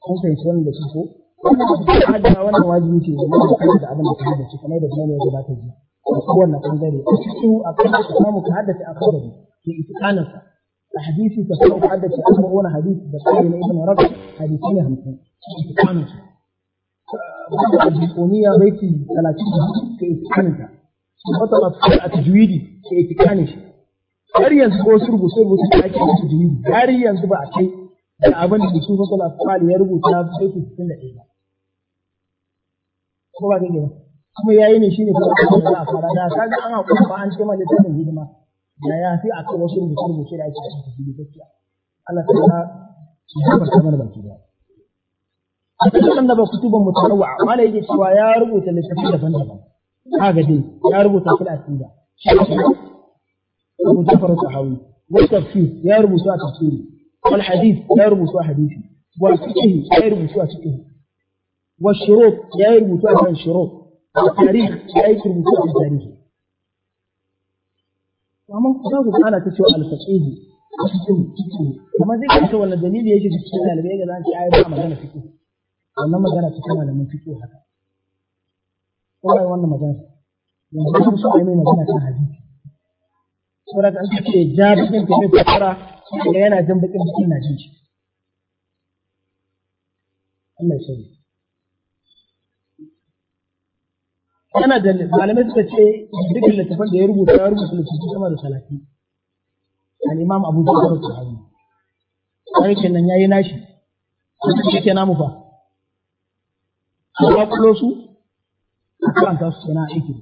kun fahimci wannan da ko wannan wajibi ce da mutum da abin da ka shi kamar da ya ji a a cikin a kan ka a da ke itikanarsa a hadisi ka ka a kuma wani hadisi da na ibn hadisi ne hamsin wanda a jikoniya baiti talatin ka wata a tajwidi ke itikanin har yanzu ko surgu surbu su ake musu jini har yanzu ba a kai da abin da su fasal afal ya rubuta sai ku da ɗaya ba ko ba kake gina kuma yayi ne shine kuma a fara da ga an hakuri ba an ce ma littafin hidima da ya fi a kai, wasu rubuce rubuce da ake cikin su gaskiya Allah ta ya su ba ta mana baki da a cikin annaba kutuban amma mala yake cewa ya rubuta littafi daban-daban ga dai ya rubuta fil asida أبو جعفر الصحابي والتفسير لا يرمز على تفسير والحديث لا يرمز على حديث والفقه لا يرمز على فقه والشروط لا يرمز على شروط التاريخ لا يرمز على تاريخ وما قصده أنا تسوى على التفسير وما ذيك سوى الدليل يجد في السنة اللي بيجي الآن في عائلة ما جانا في كوه وإنما جانا في كوه لما في كوه هذا ما جانا يعني ما شو صعيمين ما جانا في حديث ja bakin ta fara da yana jan bakin bakin na jin shi Allah ya yana da malamai suka ce dukkan littafin da ya rubuta ya rubuta littafi sama da salati an imam abu bakar sahabi sai kenan yayi nashi shi ke namu fa amma kullo su kan ta su na aiki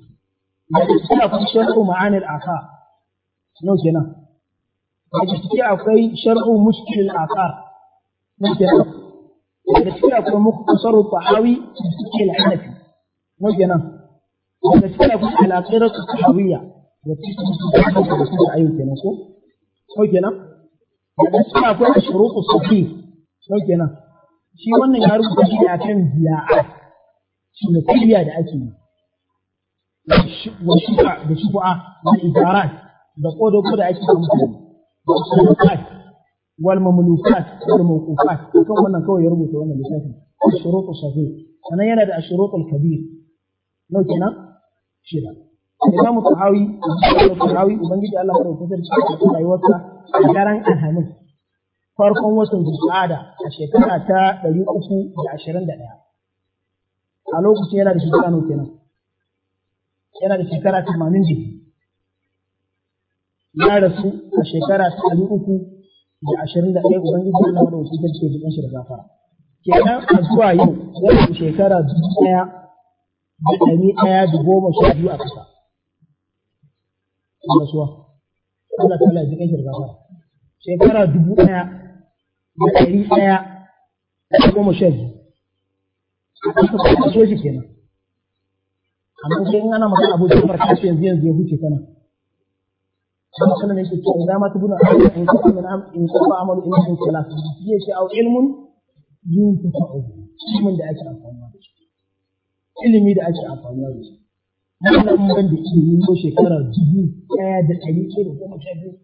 da suna fashe ma'anil aka nau kenan a ciki akwai shar'u mushkil al-athar nau kenan da ciki akwai mukhtasar al-tahawi da ciki al-hanafi nau kenan da ciki akwai al-aqirat al-tahawiyya da ciki al-tahawiyya ayu kenan ko nau kenan da ciki akwai al-shurut al-sahih nau kenan shi wannan ya rubuta shi akan biya'a shi ne kiriya da ake yi wa shufa da shufa na ibarat da kodogo da ake yi mutane والمملوكات والمملوكات والموقوفات كم wannan kawai ya rubuta wannan littafin shurutu sahih sanan yana da ashurutul kabir nau kenan shida Imam Tahawi Tahawi ubangiji Allah ya rubuta shi a rayuwarsa a daren Alhamis farkon watan Zulqa'ada a shekara ta ɗari uku da da ashirin ɗaya. a lokacin yana da shekara nau kenan yana da shekara 80 ya rasu a shekara ta ɗari uku da ashirin da ɗaya ubangiji Allah madaukakin sarki ya jikin shi da gafara kenan a zuwa yau wannan shekara dubu ɗaya da ɗari ɗaya da goma sha biyu a ƙasa suwa. Allah ta lafi kan shirka fara shekara dubu ɗaya da ɗari ɗaya da goma sha biyu a aka fara soji kenan amma sai in ana magana abu da farka yanzu yanzu ya huce kana dan sunan yake cewa idan ma tubuna in kafa min am in kafa amalu in kun sala yake ce au ilmun yin tafa'u ilmin da ake amfani da shi ilimi da ake amfani da shi wannan ban da ilimi ko shekara dubu daya da ɗari ke da goma sha biyu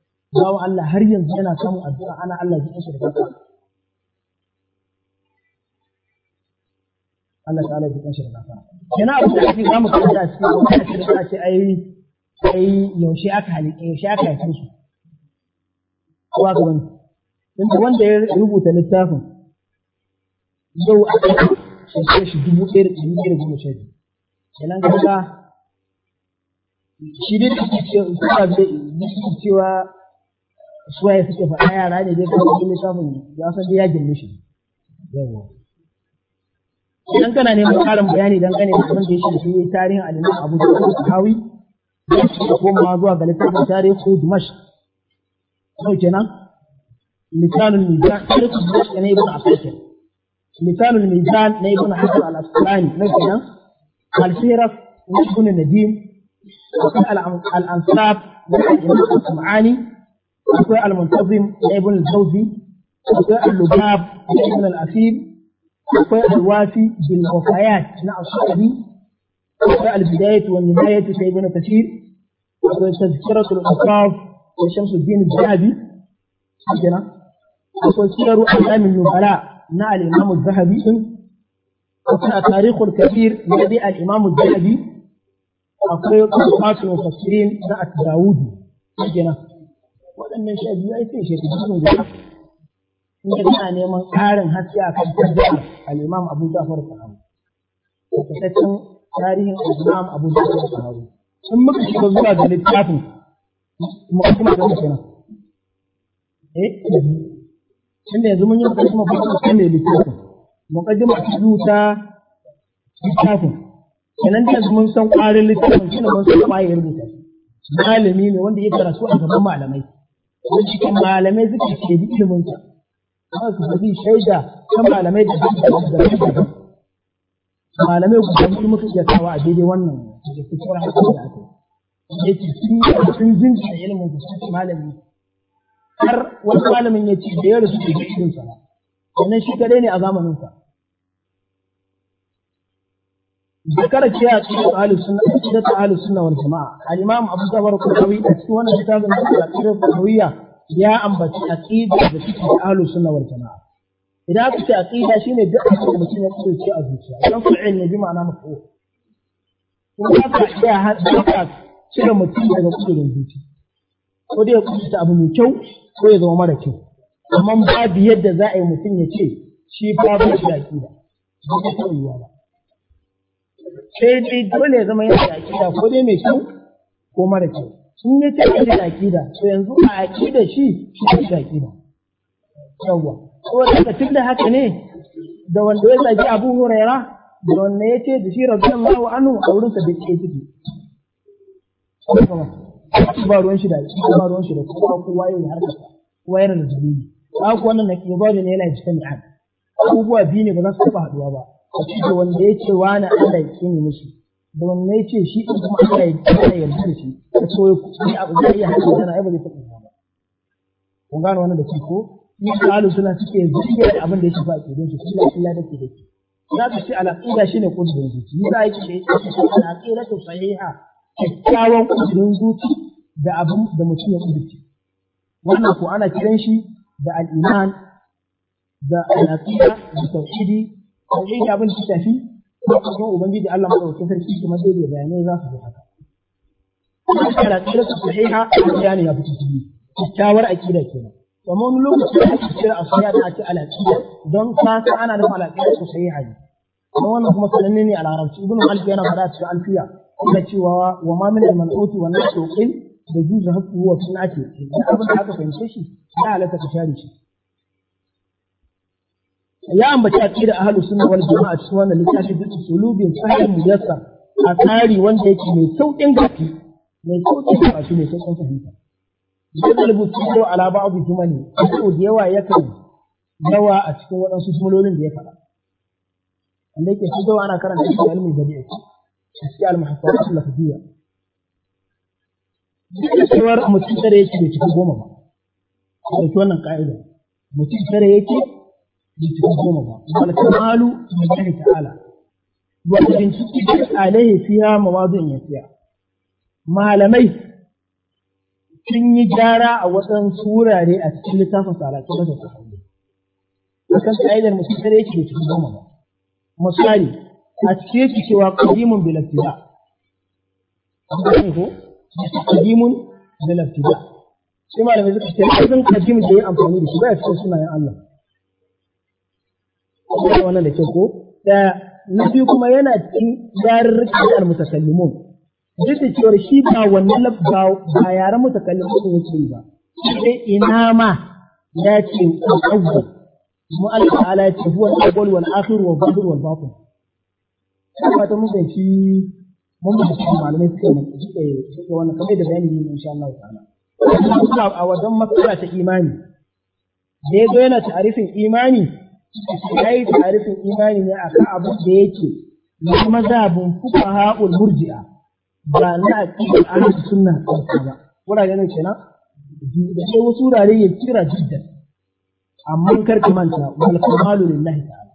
Allah har yanzu yana samun addu'a ana Allah ji shi da barka Allah ta'ala ji shi da barka kenan abu da ake samu kuma da shi a cikin sai yaushe aka halitta yaushe aka haife shi ko aka bani inda wanda ya rubuta littafin yau aka shirye shi dubu ɗaya da ɗari ɗaya da goma sha biyu kenan kaga shi dai da cewa zai cewa suwaye suke faɗa yara ne zai kuma kuma littafin ya san dai ya girme shi yawa idan kana neman karin bayani dan kane da abin da yake shi tarihin alimin abu da hawi don su da koma zuwa ga littafin tarihi Dimash sau kenan litanul mizan tarihi Dimash ne ibn Asakir litanul mizan na ibn Hajar al-Asqalani na kenan al-Sirat na ibn Nadim akwai al-Ansab na al-Imam al-Sam'ani akwai al-Muntazim na ibn al-Jawzi akwai al-Lubab na ibn al-Asib akwai al-Wafi bil-Wafayat na al-Sa'di akwai al-Bidayat wa Nihayat ta ibn Kathir وتذكرة الأوصاف وشمس الدين الذهبي حسنا وسير أعلام النبلاء مع الإمام الذهبي وكان تاريخ الكثير لدى الإمام الذهبي أقرأ طبقات المفسرين مع الداوودي حسنا ولم يشهد biyu شيء sai shekaru sun إن in ka tana neman ƙarin haske a kan tarbiyyar al'imam abu jafar sahabu da tarihin al'imam in muka shiga zuwa da littafin kuma da kenan eh inda yanzu mun yi kuma ba ta kan littafin mukaddima ta zuta littafin kenan da mun san ƙwarin littafin shi mun san ƙwayar rubuta malami ne wanda ya karatu a gaban malamai wani cikin malamai suka ke ilimin sa amma su fi shaida kan malamai da suka da malamai guda biyu muka iya kawo a daidai wannan da fitar hankali ya ce sun yi ƙarfin zinta ilimin da ya ce da yawar su ke gaɗin shi kadai ne a zamanin sa zakara ce a cikin ahli a cikin ahli sunna wal jama'a al-imam abu jabar qurawi a cikin wannan kitabin da ya tsira qurawiya ya ambaci aqida da cikin ahli sunna wal jama'a idan aka ce aqida shine duk abin da mutum ya tsoce a zuciya dan fa'il ne bi ma'ana mafhum kuma ka iya haɗa cire mutum daga kudurin zuci ko dai ya kudurta abu mai kyau ko ya zama mara kyau amma babu yadda za a yi mutum ya ce shi babu ba shi da aƙida ba ta sai dai dole ya zama yadda da aƙida ko dai mai kyau ko mara kyau sun yi ta yi da aƙida to yanzu a aƙida shi shi ne da aƙida yawwa ko da tun da haka ne da wanda ya zagi abu hurera? da wanne ya ce da shi radiyallahu anhu a wurin sa da ke ciki ba ruwan shi da ba ruwan shi da kowa kowa yayin harkar kowa yana da dalili ba ku wannan na kiba da ne yana jikin ni abubuwa biyu ne ba za su taɓa haɗuwa ba a cikin wanda ya ce wani Allah ya kini mishi da wanne ya ce shi kuma Allah ya yarda da shi ta so ya abu zai iya haɗa tana ai ba zai taɓa ba kun gano wannan da ke ko ni alu suna suke zuciya da abin da ya shafa a don su kila kila da ke da ke za ka al'aƙida shi ne kudurin zuci za a ce al'aqida ta sahiha kyakkyawan kudurin zuci da abin da mutum ya kudurci wannan ko ana kiran shi da al'iman da al'aƙida da tauhidi tauhidi abin da shafi ko kuma ubangiji Allah madaukakin sarki kuma sai da bayanai za su zo haka al'aqida ta sahiha bayani ya fito cikin kyakkyawar aƙida kenan amma wani lokaci da ake kira a sahiha da ake al'aqida don ka ana da al'aqida ta sahiha ne amma wannan kuma sananne ne a larabci ibn malik yana faɗa cikin alfiya yana cewa wa ma min al-man'uti wa nasu da juzu hakku wa sunati da abin da aka fahimce shi ya halatta ka share shi ya ambaci aqida ahlus sunna wal jama'a cikin wannan littafi da usulubin sahih mujassar a tsari wanda yake mai sauƙin gafi mai sauƙin gafi mai sauƙin fahimta sun zo ala ba'd jumani ko da yawa kai yawa a cikin waɗansu jumlolin da ya faɗa wanda yake shi ana karanta shi ilmin dabi'a shi al-muhassabat al-lafziyya cewar mutum tare yake da cikin goma ba a ɗauki wannan ƙa'ida mutum tare yake da cikin goma ba wal kamalu lillahi ta'ala wa bincike alaihi fiha mawadin yasiya malamai sun yi gyara a wasan wurare a cikin littafin salatu da ta hannu akan ƙa'idar mutum tare yake da cikin goma ba misali a cike yake cewa qadimun bil ibtida ko qadimun bil ibtida sai malamai suka ce idan qadim da yi amfani da shi ba cikin sunayen Allah kuma wannan da ke ko da na biyu kuma yana cikin yarurrukan al-mutakallimun duk da cewa shi ba wannan labba ba yaran mutakallimun yake yi ba sai ina ma ya ce ko mu Allah ta'ala ya ce huwa al-awwal wal akhir wa zahir wal batin kuma ta mun ci mun ba shi malamai suka mun suka suka wannan kamar da bayani ne insha Allah ta'ala a wajen matsala ta imani da yazo yana ta'arifin imani yayi ta'arifin imani ne akan abu da yake na mazhabin fuqaha'ul murji'a ba na aqidar ahlus sunna ba wurare ne kenan da sai wasu wurare ya kira jiddan amma kar ki manta wal kamalu lillahi ta'ala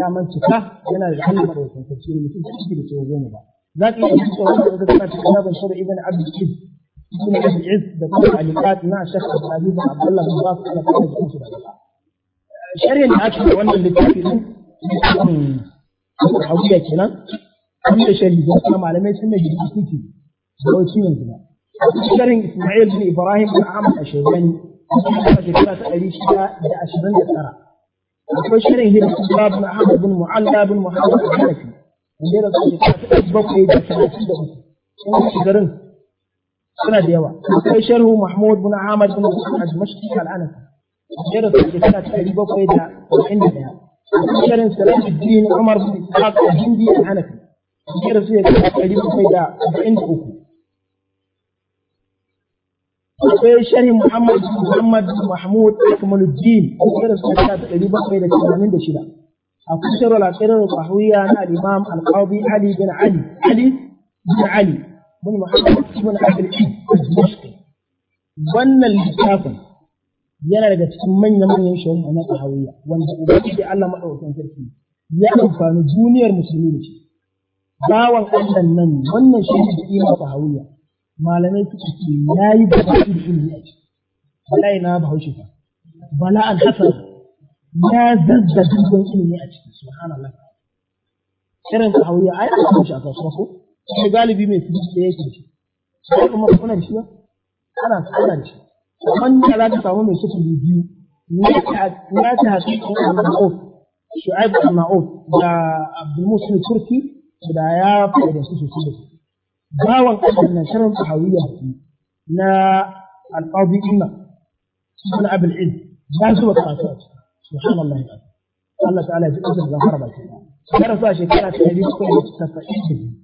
ya man cika yana da kalmar da kan tace mutum ciki da cewa goma ba za ka yi cewa wanda ka tsara cikin kitabun shar ibn abd al-iz ibn abd al-iz da kuma alikat na shekh abdulaziz bin abdullah bin bas da kan cikin shi da gaba sharhin da ake wannan littafi din Abuja kenan, an da sharhi da kuma malamai sun mai jirgi suke da wacin yanzu ba. Sharhin Ismail bin Ibrahim bin Ahmad Ashebani سنة ديوة أخي شره محمود بن عامر بن حسن المشتي كالعنف غير التحديثات في بوكيدا وحين بها أخي شره سلام الدين عمر بن إسحاق الهندي العنف غير التحديثات في بوكيدا وحين بوكيدا akwai sharhi Muhammad Muhammad Mahmud Akmaluddin shekarar shekara ta ɗari bakwai da tamanin da shida. Akwai sharhi al'aƙirar Bahawiyya na al'imam Al-Qawbi Ali bin Ali Ali bin Ali bin Muhammad bin Abdul Al-Dimashqi. Wannan littafin yana daga cikin manya-manyan shawun na Bahawiyya wanda Ubangiji Allah Maɗaukakin Sarki ya amfani duniyar musulmi da shi. Bawan Allah nan wannan shi ne da ima Bahawiyya. malamai suka ce ya yi da baki da ilimi a ciki bala'i na haushe ba bala'an hasan ya zazza dubban ilimi a ciki subhanallah irin ka hauya ai an kawo shi a kasuwa ko sai galibi mai fili da yake shi sai kuma kuna da shi ba ana tsara da shi amma ni za ka samu mai sufuri biyu na ta hakikin al-ma'uf shu'aib al-ma'uf da abdul muslim turki da ya faɗa da su sosai bawan Allah nan sharh tahawiyya na al-qadi inna ibn abul ilm ya zuwa karatu subhanallahi Allah ta'ala ya ji da zafara baki ya rasu a shekara ta biyu ta tasa'in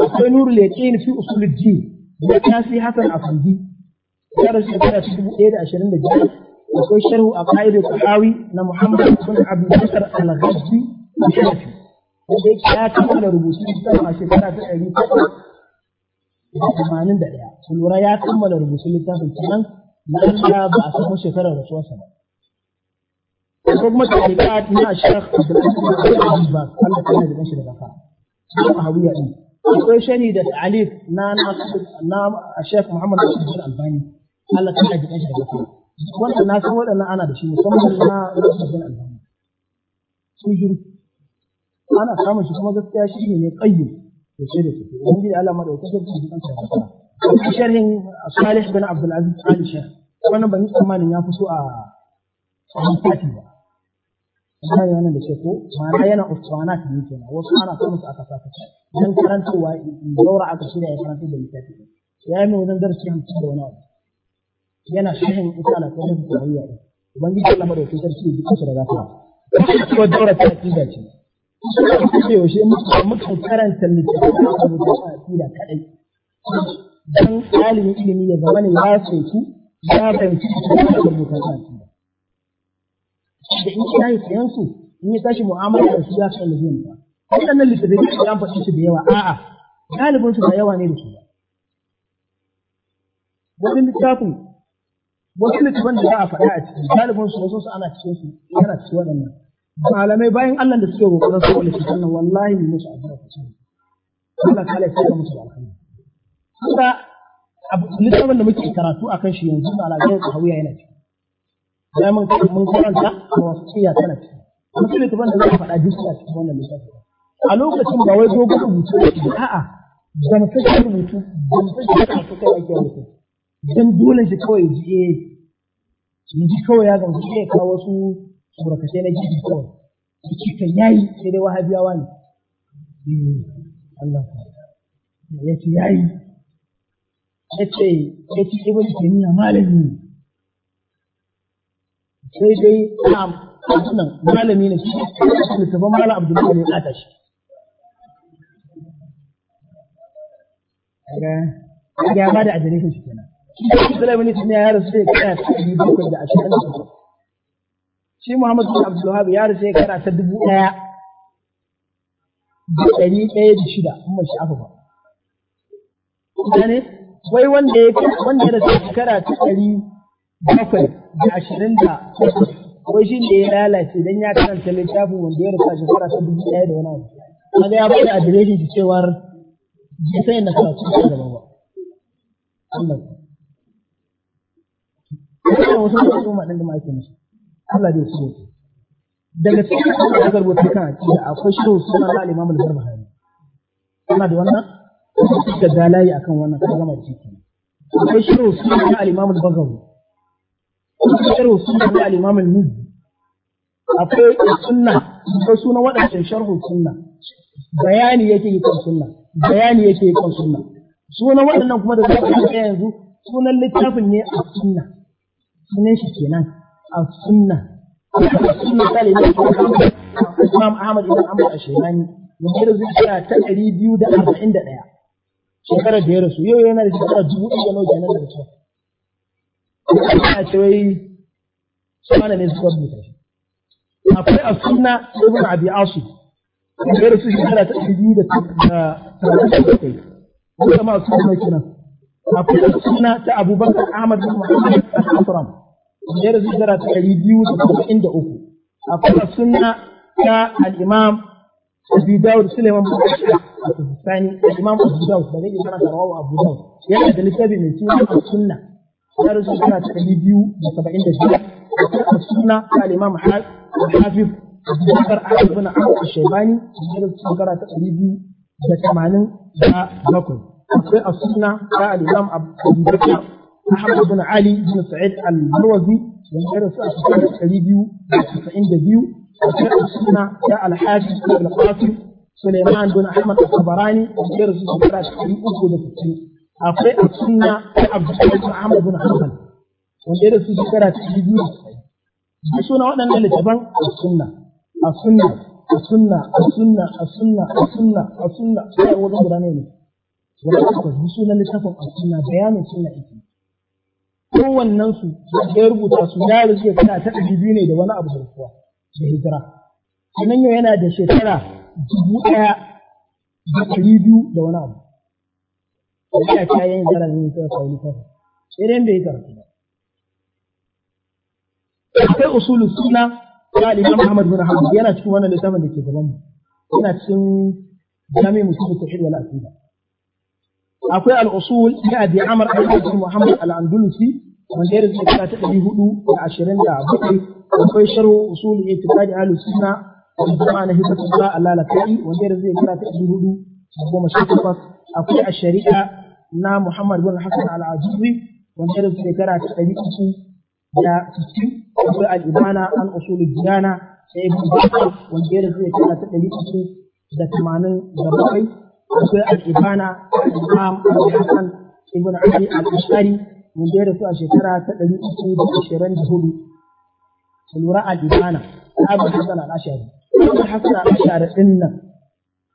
akwai nurul yaqin fi usuluddin da kasi hasan afandi ya rasu shekara ta dubu ɗaya da ashirin da biyar akwai sharhu a ƙa'idar sahawi na muhammad bin abdul bakar al-ghazzi al-shafi wanda yake ya kammala rubutu a shekara ta ɗari takwas da tamanin da ɗaya su lura ya kammala rubutun littafin kenan na Allah ba a samu shekarar rasuwarsa ba. Ko kuma ta rika na shekh da ba a ta yi da shi da baka. Ko hawiya din. Akwai shani da Alif na na Sheikh Muhammad da Abdul Albani Allah ta yi da shi da baka. Wannan na san waɗannan ana da shi musamman na Abdul Albani. Sun jiri. Ana samun shi kuma gaskiya shi ne kayyum. sosai da sosai ubangiji Allah madaukakin sarki ya kanta nasara a sharhin Salih bin Abdul Aziz Ali Sheikh wannan ban yi tsammanin ya fito a Fati ba yana da ko ma'ana yana usmanat ne kenan wasu ana samun su aka saka dan karantawa zaura aka shirya ya karanta da littafi ya yi mai wajen darasi hamsin da wani abu yana sharhin ita ala ta yin tarayya ubangiji Allah madaukakin sarki ya kanta nasara kuma daura ta kida ce suna da kusa yaushe mukan karanta littattafan abu da fasi da kaɗai don ɗalibin ilimi ya zama ne ya soki ya fahimci da rubuta fasi da da in ya yi sayan su in ya tashi mu'amala da su ya san da zai ba waɗannan littattafai da an faɗi su da yawa a'a ɗalibin su da yawa ne da su ba wani littafin wasu littafan da za a faɗa a ciki ɗalibin su wasu su ana cikin su yana cikin waɗannan malamai bayan Allah da suke gobe su wani cikin nan wallahi ne su addu'a ku sani Allah ta Allah ya musu alkhairi kuma littafin da muke karatu akan shi yanzu malamin Hawiya yana ciki da mun mun karanta wasiya tana ciki mutum ne tuban da zai faɗa jiki a cikin wannan littafin a lokacin ba wai dogon rubutu ne a'a gamsashen rubutu gamsashen karatu kai ake rubutu dan dole shi kawai ji eh ji kawai ya ga ya kawo su albarkatai na gidi kawai jiki kan yayi sai dai wahabiyawa ne eh, Allah ya ce yayi ya ce ya ce ibn taymiya malami sai dai nan malami ne shi littafin mala abdullahi ne ya ɓata shi ya ba da shi kenan ne ya rasu sai kana ta yi da ashirin da shi Muhammad bin Abdul Wahab ya rasu kara ta dubu ɗaya da ɗari ɗaya da shida in ban shi aka ba. Gane? Wai wanda ya wanda da shekara ta ɗari bakwai da ashirin da takwas wai shi ne ya lalace don ya karanta littafin wanda ya rasu shekara ta dubu ɗaya da wani abu. Kaga ya bada adireshin shi cewar bai sai na karatu da ba. Allah. Wasu wasu al'umma ɗin da ma ake musu. Allah zai so daga cikin abin da aka rubuta kan akida akwai shirin suna na al-Imam al-Barbahari kana da wannan da dalayi akan wannan kalama ce akwai shirin suna na al-Imam al Kuma akwai shirin suna na al-Imam al-Muzzi akwai sunna ko sunan waɗancan sharhun sunna bayani yake yi kan sunna bayani yake yi kan sunna sunan waɗannan kuma da za ka yanzu sunan littafin ne a sunna sunan shi kenan السنة السنة تالي نعم. الإمام أحمد بن أمر الشيماني من غير زكاة تدعي بيو ده أربع عند الأيام شكرا يا رسول يو يو نادي شكرا جبو إيجا نو جانا نرسول أنا أتوي سوانا نيزي قبل مترش أفري السنة ابن عبي عاصي من غير رسول شكرا تدعي بيو ده تدعي بيو ده هو ما أصبح ما يكنا أبو بكر أحمد بن محمد الحرام da ya ta ɗari biyu da saba'in da uku akwai sunna ta al'imam Abu Dawud Suleiman bin a al-Sistani Abu Dawud da iya kana rawawa Abu Dawud yana da littafi mai suna ta ɗari biyu da saba'in da shida akwai sunna ta al Hafiz Abubakar Ahmad bin Ahmad al-Shaybani da rasu ta ɗari biyu da tamanin da bakwai akwai sunna ta al Abu Bakar Ahmad bin Ali bin Sa'id al-Marwazi wanda ya rasu a cikin ɗari biyu da casa'in da biyu a cikin suna da alhaji ibn Qasim Suleiman bin Ahmad al-Tabarani wanda ya rasu a cikin ɗari uku da sittin akwai a suna da Abdullahi bin Ahmad bin Hanbal wanda ya rasu shekara ta ɗari biyu da sittin da suna waɗannan littafan a suna, a suna, a suna, a suna, a suna a sunna a sunna sai wajen gudanar ne wanda aka kwazi sunan littafin a suna bayanin suna ita kowannen su ya rubuta su ya rike tana ta biyu ne da wani abu da kuwa da hijira sannan yau yana da shekara dubu ɗaya da ɗari biyu da wani abu da ya ta yin zara ne ta kawo littafi idan bai karatu ba sai usulul sunna ya Imam Muhammad bin Hanbal yana cikin wannan littafin da ke gaban mu yana cikin ta جامع مسلم التوحيد والعقيدة. أقول الأصول al عمر بن al الأندلسي wanda ya rubuta ta ɗari hudu da ashirin da bakwai akwai sharhu usuli itikadi ahlus sunna wal jama'a na hibatullah alalakai wanda ya rubuta ta ɗari hudu da goma sha akwai a shari'a na Muhammad bin Hassan al-Ajizi wanda ya rubuta ta ɗari uku da sittin akwai al-ibana an usulul diyana da ibn Bakar wanda ya ta ɗari da tamanin da bakwai akwai Hassan wanda da su a shekara ta ɗari uku da ashirin da hudu a lura a limana ta abu hasan al'ashari abu hasan al'ashari ɗin nan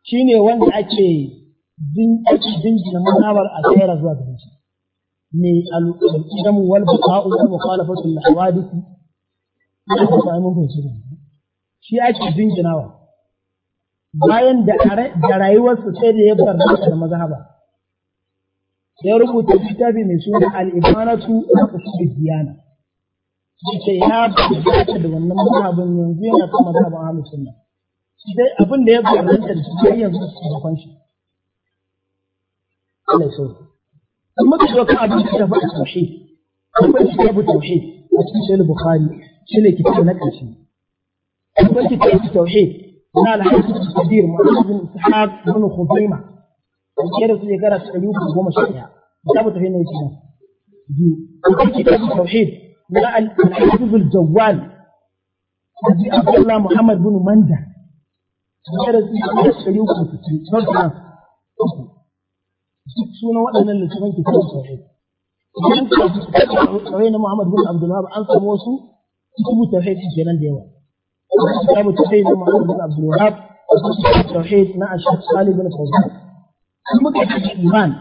shi ne wanda ake jinjina manawar a tsayar zuwa gare shi mai al'adam wal buka'u wal mukhalafatu da samun fahimci shi ake bayan da rayuwarsa sai da ya bar da mazhaba ya rubuta littafi mai suna al'ibanatu a kusur diyana Sai ya bambanta da wannan mazhabin yanzu yana kan mazhabin ahlus sunna Sai abin da ya bambanta da shi yanzu su da kwanci Allah ya sauke in muka zo kan abin da tafi tauhid akwai kitabu tauhid a cikin sahih bukhari shine kitabu na ƙarshe akwai kitabu tauhid na al-hadith al-qadir ma'ruf bin ishaq bin khuzaimah ɗauke da su shekara su ɗari goma sha ɗaya ta mu tafi ne kenan biyu akwai kitabu tauhid na al-hafizul jawwal Abi Abdullah Muhammad bin Manda shekara su shekara su ɗari uku da sittin duk sunan waɗannan littafan kitabu tauhid idan ka tsaye na Muhammad bin Abdullah an samu wasu kitabu tauhid kenan da yawa kitabu tauhid na Muhammad bin Abdullah na Ashaf Salih bin Fawzan المتعة الإيمان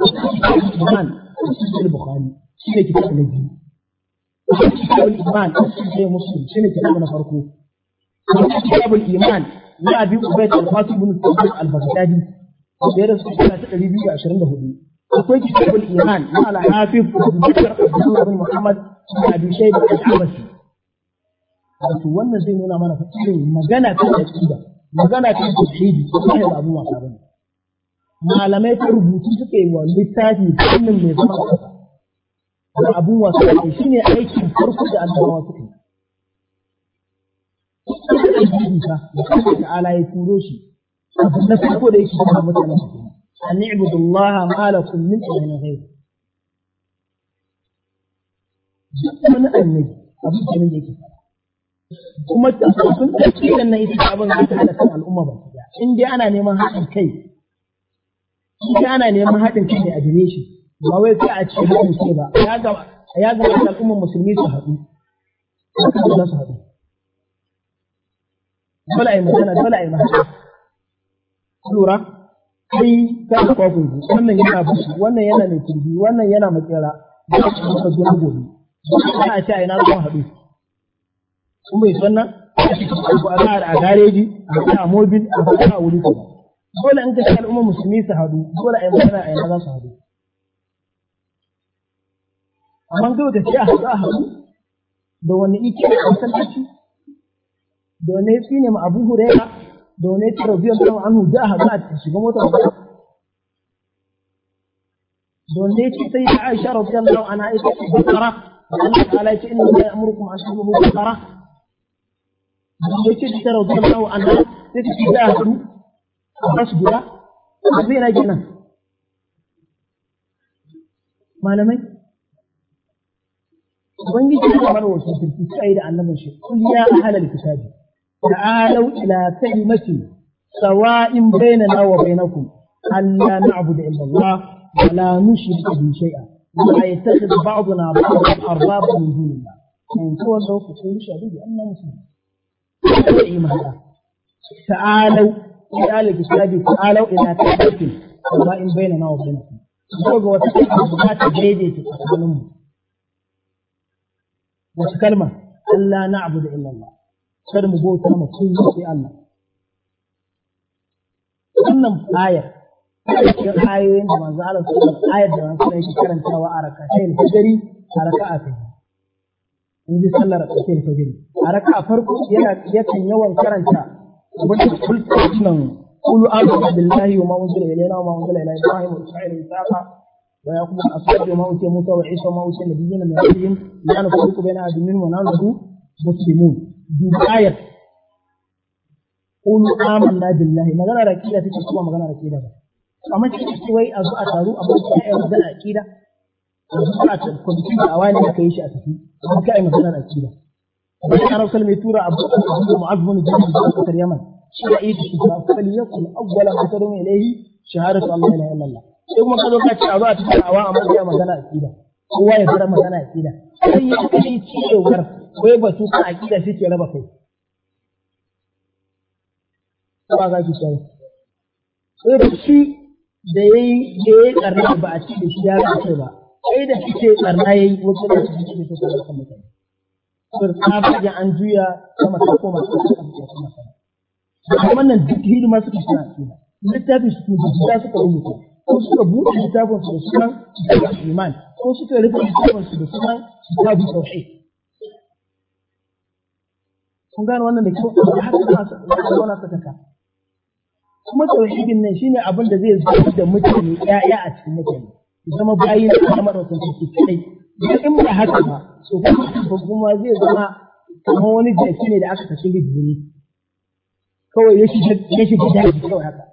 الإيمان سلسلة البخاري سنة كتاب النبي كتاب الإيمان سنة مسلم سنة كتاب نفركو كتاب الإيمان لا أبي أبيت الفاتح بن التوفيق البغدادي وغيره سنة تقريبا 24 أقول كتاب الإيمان مع الحافظ بكر عبد الله بن محمد بن أبي شيبة الحبشي wato wannan zai malamai ta rubutu suke wa littafi fannin mai zama kasa da abun wasu ne shi ne aikin farko da annabawa suka yi. Ta'ala ya turo shi, abin na farko da yake kuma mutane su kenan. An ibudu Allah ma lakum min ilahin ghayr. Duk wani annabi abin da yake fara. Kuma tafafin da ke nan na ita abin da ta halaka al'umma ba. In dai ana neman haɗin kai shi ana neman haɗin kai ne a jini shi ba wai sai a ce haɗin kai ba ya gaba ya gaba al'ummar musulmi su haɗu za su haɗu dole a yi magana dole a yi magana lura kai ka ga kwafin ku wannan yana bushi wannan yana mai turbi wannan yana makera ba su kuma zo na gobe ba a ce a ina zuwa haɗu kun bai sannan a gare a gareji a mobil a a wuri kuma dole in ka ci al'umma musulmi su haɗu dole a yi magana a yi za su haɗu amma kawai ka ce a haɗu a haɗu da wani ike a masallaci da wani ya tsine ma abu hurera da wani ya tsira biyar da an hujja a haɗu a cikin shiga motar ba da wani ya ce sai ta aisha radiyallahu anha ita ce bakara Allah ta'ala ya ce inna la ya'murukum an tubu bakara da wani ya ce ta radiyallahu anha sai ta ce da haɗu masjida abu yana kenan malamai ubangiji ya kamar wasu sarki sai da annabin shi kul ya ahlal kitabi ta'alu ila kalimati sawa'in bainana wa bainakum alla na'budu illa Allah wa la nushriku bi shay'a wa yattakhidhu ba'duna ba'dan arbaba min dunillah in kowa sau ku sun rushe bi annabi muslim ta'alu ya ala kitabi ku alau ina ila tafi amma in bai na nawa wa bainakum ko ga wata kalma ta daidaita tsakanin mu wata kalma Allah abu da illallah, kar mu bauta ma kowa sai Allah wannan ayar cikin ayoyin da manzo Allah su yi ayar da manzo Allah karantawa a rakatai da fajiri a raka'a in ji sallar rakatai da fajiri a raka'a farko yana yakan yawan karanta ubangiji kul nan قل آمنت بالله وما أنزل إلينا وما أنزل إلى إبراهيم وإسماعيل وإسحاق ويعقوب الأصحاب وما أوتي موسى وعيسى وما أوتي النبيين من ربهم لا نفرق بين أحد منهم ونحن له مسلمون بداية قل آمنا بالله ما غير أكيدة في كتب ما غير أكيدة amma ki ci wai a zo a taru a bauta ya da akida a zo a kwamfuta a wani da ka yi shi a tafi ka yi maganar akida wani ana sal mai tura abu da mu'az bin jabal da kasar yaman shi da ita ita fal yakul awwala ma tadum ilayhi shahadatu allah sai kuma kazo ka ce a zo a cikin awa amma sai magana akida kowa ya fara magana akida sai ya kai cewar wai batu ka akida suke raba kai ba sai da shi da yayi da yayi ba a ci da shi ya kai ba sai da shi ke ya yayi wasu da shi ke so ka mutane ta baje an juya sama ta koma ta koma sama sama amma nan duk hidima suka suna suna littafi su kuma gida suka rubuta ko suka buɗe littafin su da sunan kitabul iman ko suka rufe littafin su da sunan kitabul tauhid kun gane wannan da kyau da haka zauna suka ka kuma tauhidin nan shine abin da zai zama da mutane ƴaƴa a cikin mutane zama bayi na kamar wasan kai in ba haka ba so kuma zai zama kamar wani jaki ne da aka kashe da jini kawai ya shiga daji kawai haka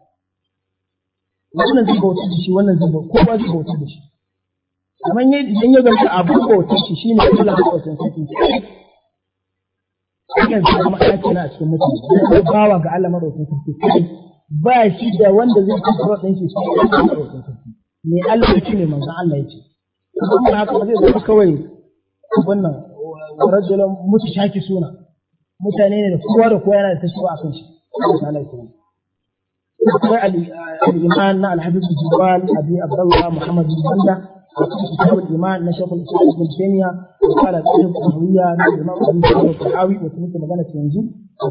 wannan zai bauta da shi wannan zai bauta kowa zai bauta da shi amma idan ya gamsu abu bautar shi shine Allah bautar sarki kan zama ɗaki na a cikin mutane ko bawa ga Allah madaukakin sarki ba shi da wanda zai ci tsoro ɗin shi su ne Allah madaukakin sarki me Allah ya ce ne manzon Allah ya ce kuma haka ba zai zama kawai wannan warajula mutu shaki suna mutane ne da kowa da kowa yana da tashi ba a kan shi Allah ta'ala ya akwai al-iman na al-hafiz jibal abi abdullah muhammad bin banda kitab al-iman na shaykhul islam ibn taymiya qala qadim tahawiyya na imam ibn taymiya tahawi da kuma magana ta yanzu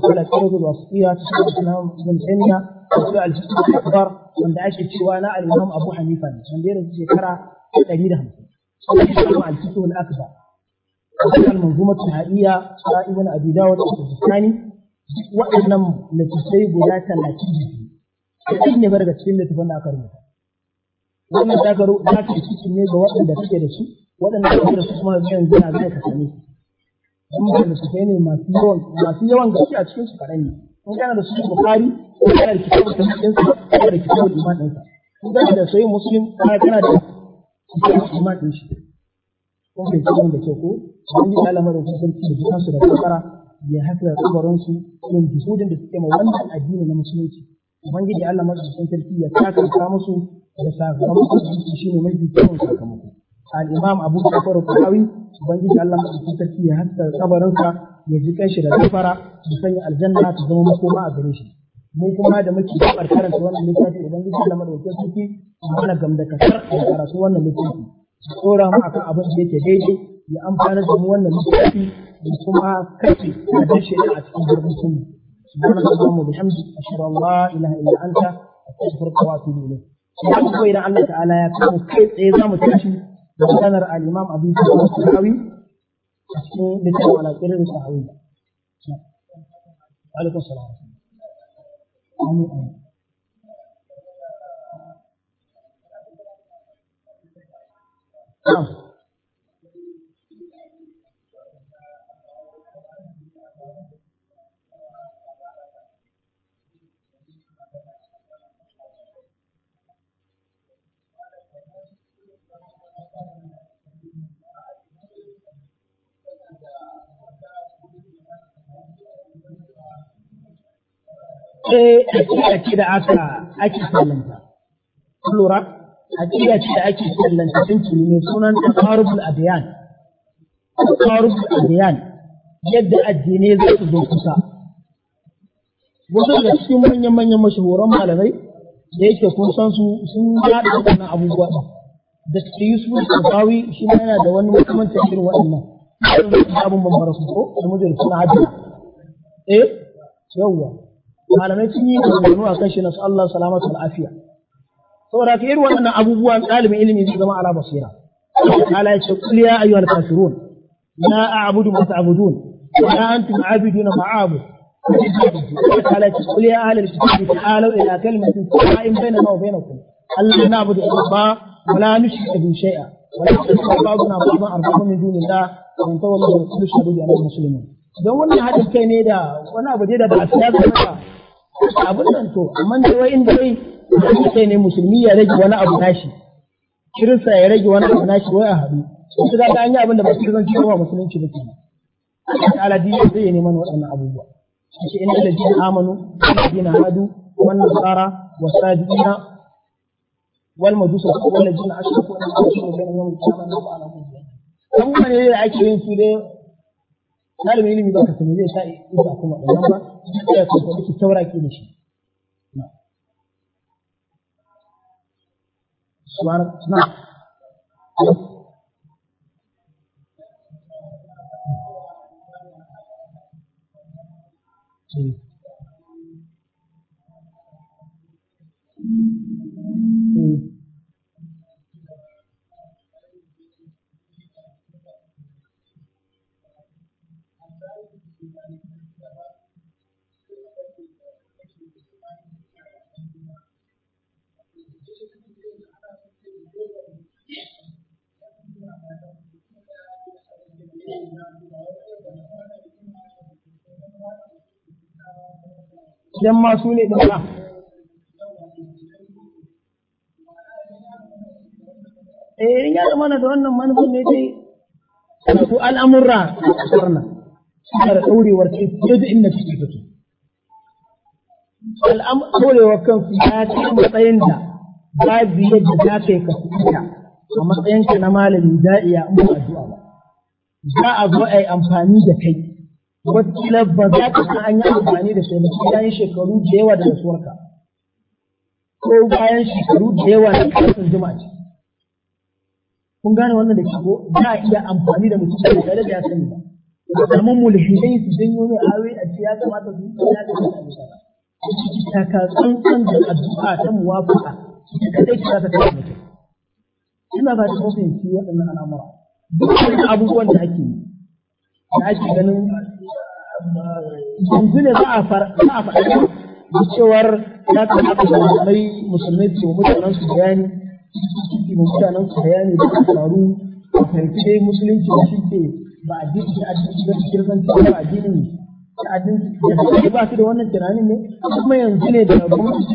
qala qadim al-wasiyya ta shaykhul islam ibn taymiya da al-fiqh al-akbar wanda ake cewa na al-imam abu hanifa ne wanda ya rasu shekara 150 al-fiqh al-akbar وكان المنظومة الشهائية ابن أبي داود الثاني waɗannan littattafai guda talatin da biyu kaɗan ne ga cikin littattafan da aka wannan ta karu za ta cikin ne ga waɗanda suke da shi, waɗanda suke da su kuma gina zai ka same su da littattafai ne masu yawan masu yawan gaske a cikin su ne in kana da su bukari ko kana da kitabu ta cikin su da kitabu iman ɗinsa in kana da sayi muslim kana da kitabu da shi kuma bai kiran da ke ko don bi alamar su sun ci jikin su da kokara ya haka kabarin su irin jihudin da suke ma wannan addini na musulunci ubangiji Allah madaukakin sarki ya takanta musu da sakamakon shi ne mafi kyawun sakamako al-imam Abu Bakar Qawi ubangiji Allah madaukakin sarki ya haka kabarin sa ya ji kai shi da gafara da sanya aljanna ta zama makoma a gare shi mun kuma da muke karanta wannan littafi ubangiji Allah madaukakin sarki mana gamdakatar da karatu wannan littafi ya tsora mu akan abin da yake daidai ya amfana da mu wannan littafi da kuma kake da dace a cikin gurbin sunna subhanaka allahumma bihamdi ashhadu an la ilaha illa anta astaghfiruka wa atubu ilayk sai ko idan Allah ta'ala ya kawo kai tsaye za mu tashi da maganar al-imam Abu Bakar Sahawi a cikin littafin al-Qirin Sahawi alaikum salam amin ايه اكيد اكيد عسى اكيد سلمتها كل رب aqida ce da ake kallanta tunki ne sunan taqarubul adiyan taqarubul adiyan yadda addinai za su zo kusa wasu da cikin manyan manyan mashahuran malamai da yake kun san su sun yada wannan abubuwa da su Yusuf Tafawi shi ma yana da wani makamancin irin waɗannan abin ban marasu ko da mujer sun hadiya eh yawwa malamai sun yi a kan shi na Allah salamatu al'afiya. afiya saboda ka irin wannan abubuwa ɗalibin ilimi zai zama ala basira ala ya ce qul ya ayyuhal kafirun la a'budu ma ta'budun la antum a'buduna ma a'budu ala ya ce qul ya ahlal kitabi ta'alu ila kalimatin sawa'in bainana wa bainakum alla na'budu illa Allah wa la nushriku bihi shay'a wa la yattakhidha ba'duna ba'dan arbaba min dunillah wa man tawalla fa qul ashhadu bi annaka muslimun dan wannan hadin kai ne da wani abu da ba a tsaya ba abin nan to amma dai wai inda dai idan kai ne musulmi ya rage wani abu nashi kirista ya rage wani abu nashi wai a haɗu su ga an yi abin da ba su zan cewa musulunci ba kenan Ta ta'ala dini zai yi neman waɗannan abubuwa shi inna ladina amanu ladina hadu wan nasara wasadina wal majusa wal ladina ashraku an yushriku bayna yawm al-qiyamah wa ala kulli abubuwa ne da ake yin su dai ɗalibin ilimi ba ka sani zai sa ba kuma ɗannan ba ya kuma da ke taura ke da shi سبحانك نعم Thank you. idan ma su ne ɗin ba. Eh, ya zama na da wannan manufin ne dai, su al'amurra a ƙasar nan, suna da ɗaurewar ce fiye da inda suke fito. Ɗaurewar kansu ya ce matsayin da babu yadda za ka yi ka fita a matsayinka na malami a in ba addu'a ba za a zo a yi amfani da kai wata ba za ka san an yi amfani da kai ya bayan shekaru da yawa da rasuwarka ko bayan shekaru da yawa na kasan jima'a ce kun gane wannan da ke ko za a iya amfani da mutum da tare da ya sani ba da samun mulhidai su janyo mai aure a ce ya kamata su yi ya kamata su yi ta ka tsantsan da addu'a ta muwafaka ita kadai ta ta kai mutum ina ba da kusan shi waɗannan al'amura dukkan abubuwan da ake da ake ganin yanzu ne za a faɗa da cewar ya kamata da musulmai musulmai su mutanen su bayani su mutanen su bayani da su faru a fahimce musulunci da shi ke ba addini da addini da kirkanci ba addini da ji da ba su da wannan tunanin ne kuma yanzu ne da gwamnati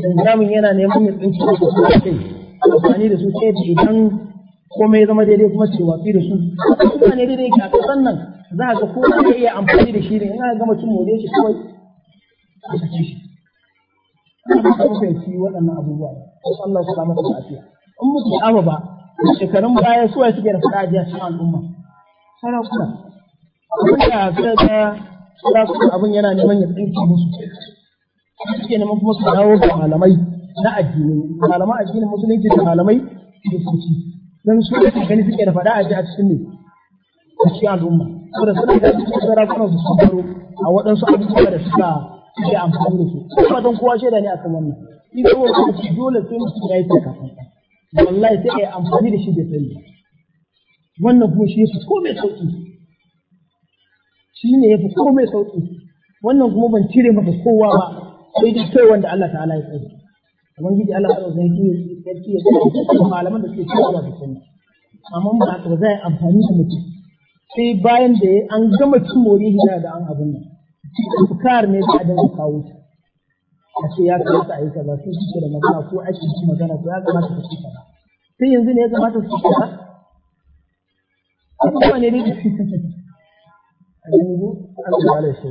da zamun yana neman ya tsinci da su kai amfani da su ce da idan komai ya zama daidai kuma ce watsi da su kuma ne daidai a kasan nan za a ga ko zai iya amfani da shi ne ina ga gama cin more shi kawai a sake shi ina ba ta waɗannan abubuwa ko Allah ya samu lafiya in muke sha'awa ba shekarun baya suwa suke da a cikin al'umma sarakuna wanda suka ga sarakuna abin yana neman ya tsinke musu suke neman kuma su dawo ga malamai na addini malaman addinin musulunci da malamai kiristoci don su da gani suke da fada a ji a cikin ne a cikin al'umma saboda suna da cikin sarakunan su su gano a waɗansu abubuwa da suka suke amfani da su kuma don kowa shaida ne akan wannan in ko ko ci dole sai mutum ya yi takafan wallahi sai a yi amfani da shi da sani wannan kuma shi yake komai sauki shi ne yafi mai sauki wannan kuma ban cire maka kowa ba sai dai kai wanda Allah ta'ala ya tsare ubangiji Allah ya sarki sarki ya tsaya malaman da suke cewa da sani amma ba haka ba zai amfani da mutum sai bayan da an gama cin more hira da an abin nan Bukar ne da adam kawo ta a ce ya kamata a yi kaza sai suke da magana ko ake ci magana ko ya kamata ka ci kaza sai yanzu ne ya kamata su ci ba abubuwa ne dai a yanzu an zuwa da shi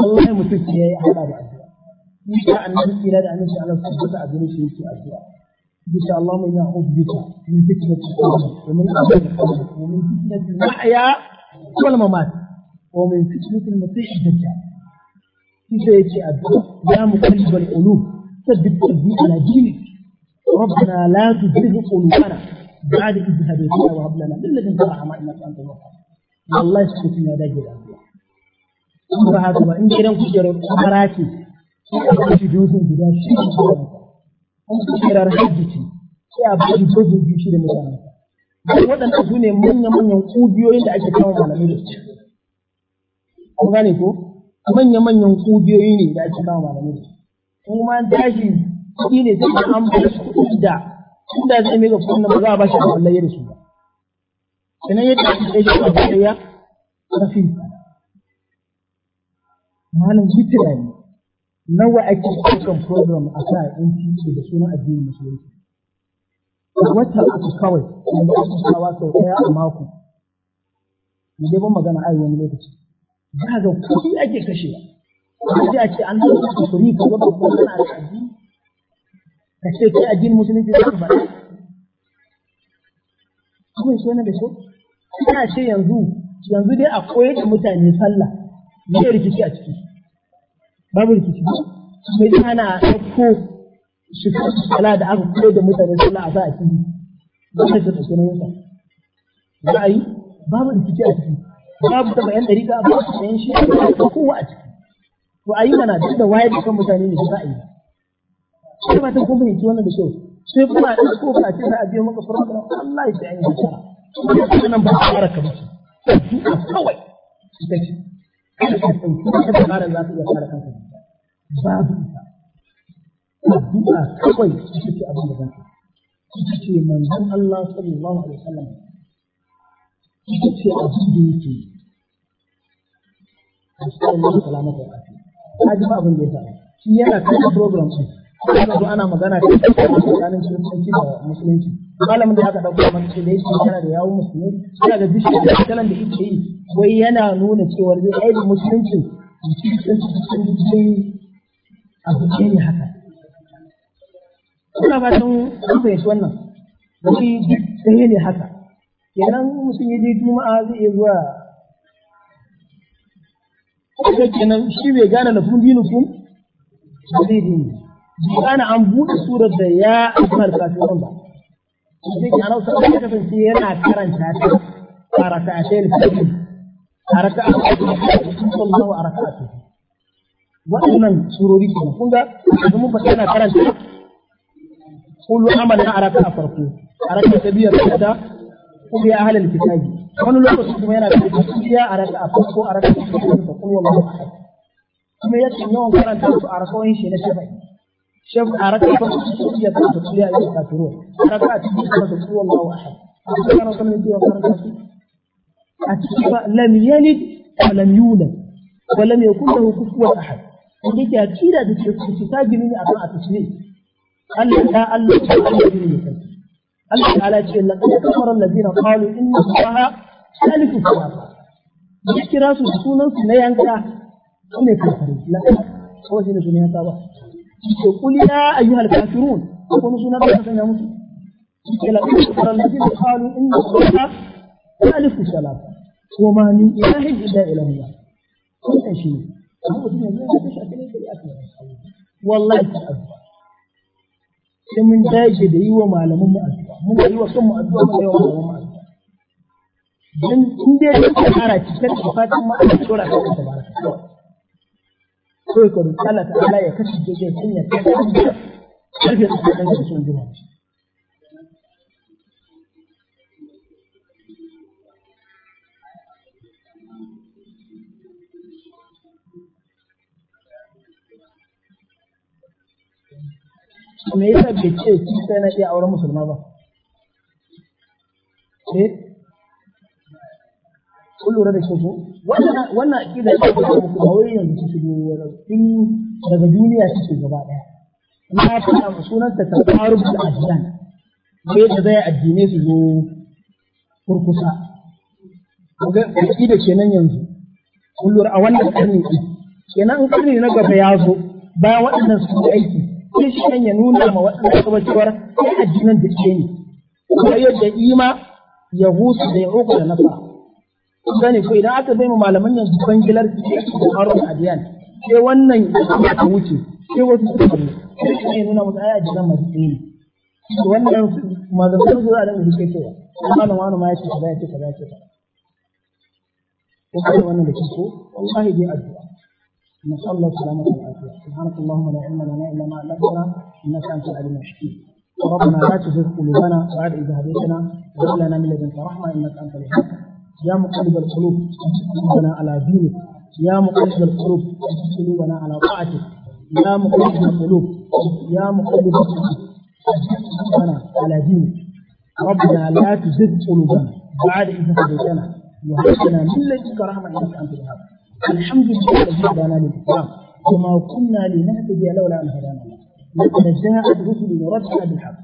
الله wallahi يا أهل yayi إن شاء الله insha Allah kira da annabi Allah subhanahu a gare shi yake addu'a insha Allah mai ya hubu bika min fitnati ومن ومن فتنة المحيا والممات ومن فتنة المسيح الدجال في يجي الدعاء يا مقلب القلوب ثبت قلبي على دينك ربنا لا تزغ قلوبنا بعد إذ هديتنا وهب لنا من لدنك رحمة إنك أنت الوهاب الله يسكتنا يا داجل الأنبياء in ba haka ba in gidan kujerar kumara ce sai a ba shi dozin guda shi ne in kujerar hajji ce sai a ba shi dozin biyu shi da mutane waɗanda su ne manya-manyan ƙugiyoyin da ake kawo malamai da su kun gane ko manya-manyan ƙugiyoyi ne da ake kawo malamai da su kuma dashi kuɗi ne sai an ba shi kuɗi da inda zai mai ga kuɗin ba za a ba shi da wallaye da su ba sannan ya tafi da shi a wallaye da fi malam shi ne nawa ake cikin program a sa NTA da sunan addinin musulunci wata aka kawai wanda aka kawa sau ɗaya a mako mu dai ban magana ai wani lokaci za ga kuɗi ake kashewa sai a ce an zo da kuri ka ga ko kana da addini ka ce kai addinin musulunci za ka faɗa kawai shi wannan da shi ina ce yanzu yanzu dai a koyar da mutane sallah me rikici a ciki babu rikici sai dai ana ɗauko shi sala da aka koyar da mutane sallah a sa a ciki ba ta da sunan sa za a yi babu rikici a ciki babu taba yan dariƙa babu taba yan shi ba kowa a ciki to a yi mana duk da wayar da kan mutane ne za a yi sai ba ta kuma yanki wannan da kyau sai kuma a ɗauko ba a ce za a biyo maka farko Allah ya ji an yi nasara wannan ba a fara ka ba kawai ita ce kada ka ɗauki wata dabarar za ka iya kare kanka babu ita addu'a kawai ita ce abin da za ka ita ce manzon Allah sallallahu alaihi wasallam ita ce abin da yake a cikin wani salamata a ce ka ji ba abin da ya faru shi yana kan program ɗin ana magana ta tsakanin kiristanci da musulunci malamin da aka dauko mana ce da yake yana da yawun musulmi yana da bishiyar da kalan da yake yi wai yana nuna cewa zai aiki musulunci musulunci a zuciya ne haka ina fatan an fahimci wannan wani ɗaya ne haka kenan mutum ya je juma'a zai iya zuwa kaga kenan shi bai gane na fun dinu fun ba zai dini ana an buɗe surar da ya amfar kafin ba أنا لو سألتك في السيرة أكثر أن شاكر أركعتين في الدين أركع أركع الله وأركعته وأمن سروريكم كن ذا أدمو بسينا أكثر أن شاكر قلوا عمل أركع أفرقه أركع سبيع كذا قل يا أهل الكتاب كانوا لو سألتم أنا في السيرة أركع أفرقه أركع سبيع كذا قلوا الله أحد كما يتنون كرن تأتوا أركعين شيئا شبعين شوف حركة الشيخية تقتلها إلى الكافرون حركات تقول الله أحد أنا وصلنا دي لم يلد ولم يولد ولم يكن له كفوا أحد وديك أكيد تتاج من أطاع التسليم قال لا الله الله تعالى شيء لقد كفر الذين قالوا إن الله ثالث ثلاثة يحكي راسه سكونا لا ينكا هم يكفرون لا هو شيء سنة قل يا أيها الكافرون أقول نصنا بها يا مسلم إلى أكثر الذين قالوا إن الله ثالث السلام وما من إله إلا إله إلا الله كل شيء والله تعالى من تاجد أيوة ما لم يأتي من أيوة ثم أدوى ما وما أدوى من دي دي دي دي دي sai ka roƙi Allah ya kashe ke cinya ta karfe da da sun me yasa bai ce sai na iya auren musulma ba eh? kun lura da shi wannan wannan aqida ce da kuma ku kawai yanzu ta shigo wannan din daga duniya take gaba daya na fara mu sunan ta tabarub al-ajlan ne da zai addine su zo kurkusa ga aqida kenan yanzu kun lura a wannan karni din kenan in karni na gaba ya zo bayan waɗannan su aiki sai shi ya nuna ma waɗannan kabacewar sai addinan da ke ne kuma yadda ima yahusu da yahuku da nasara gane ko idan aka bai malaman yanzu bangilar harun adiyan sai wannan ta wuce sai wasu suka kalli sai nuna musu aya jiran masu tsini wannan mazantar zuwa nan da suke cewa malam wani ma ya ce kaza ya ce kaza ya ce kaza ko kai wannan da ke so wallahi dai addu'a نسأل الله السلامة والعافية سبحانك اللهم لا علم لنا إلا ما علمتنا إنك أنت العليم الحكيم ربنا لا تزغ قلوبنا بعد إذ هديتنا وهب لنا من لدنك رحمة إنك أنت الوهاب يا مقلب القلوب قلوبنا على دينك يا مقلب القلوب قلوبنا على طاعتك يا مقلب القلوب يا مقلب قلوبنا على دينك ربنا لا تزد قلوبنا بعد إذا هديتنا وهبنا من لدنك رحمة إنك أنت الوهاب الحمد لله الذي هدانا للإسلام وما كنا لنهتدي لولا أن هدانا الله لقد جاءت رسل ربنا بالحق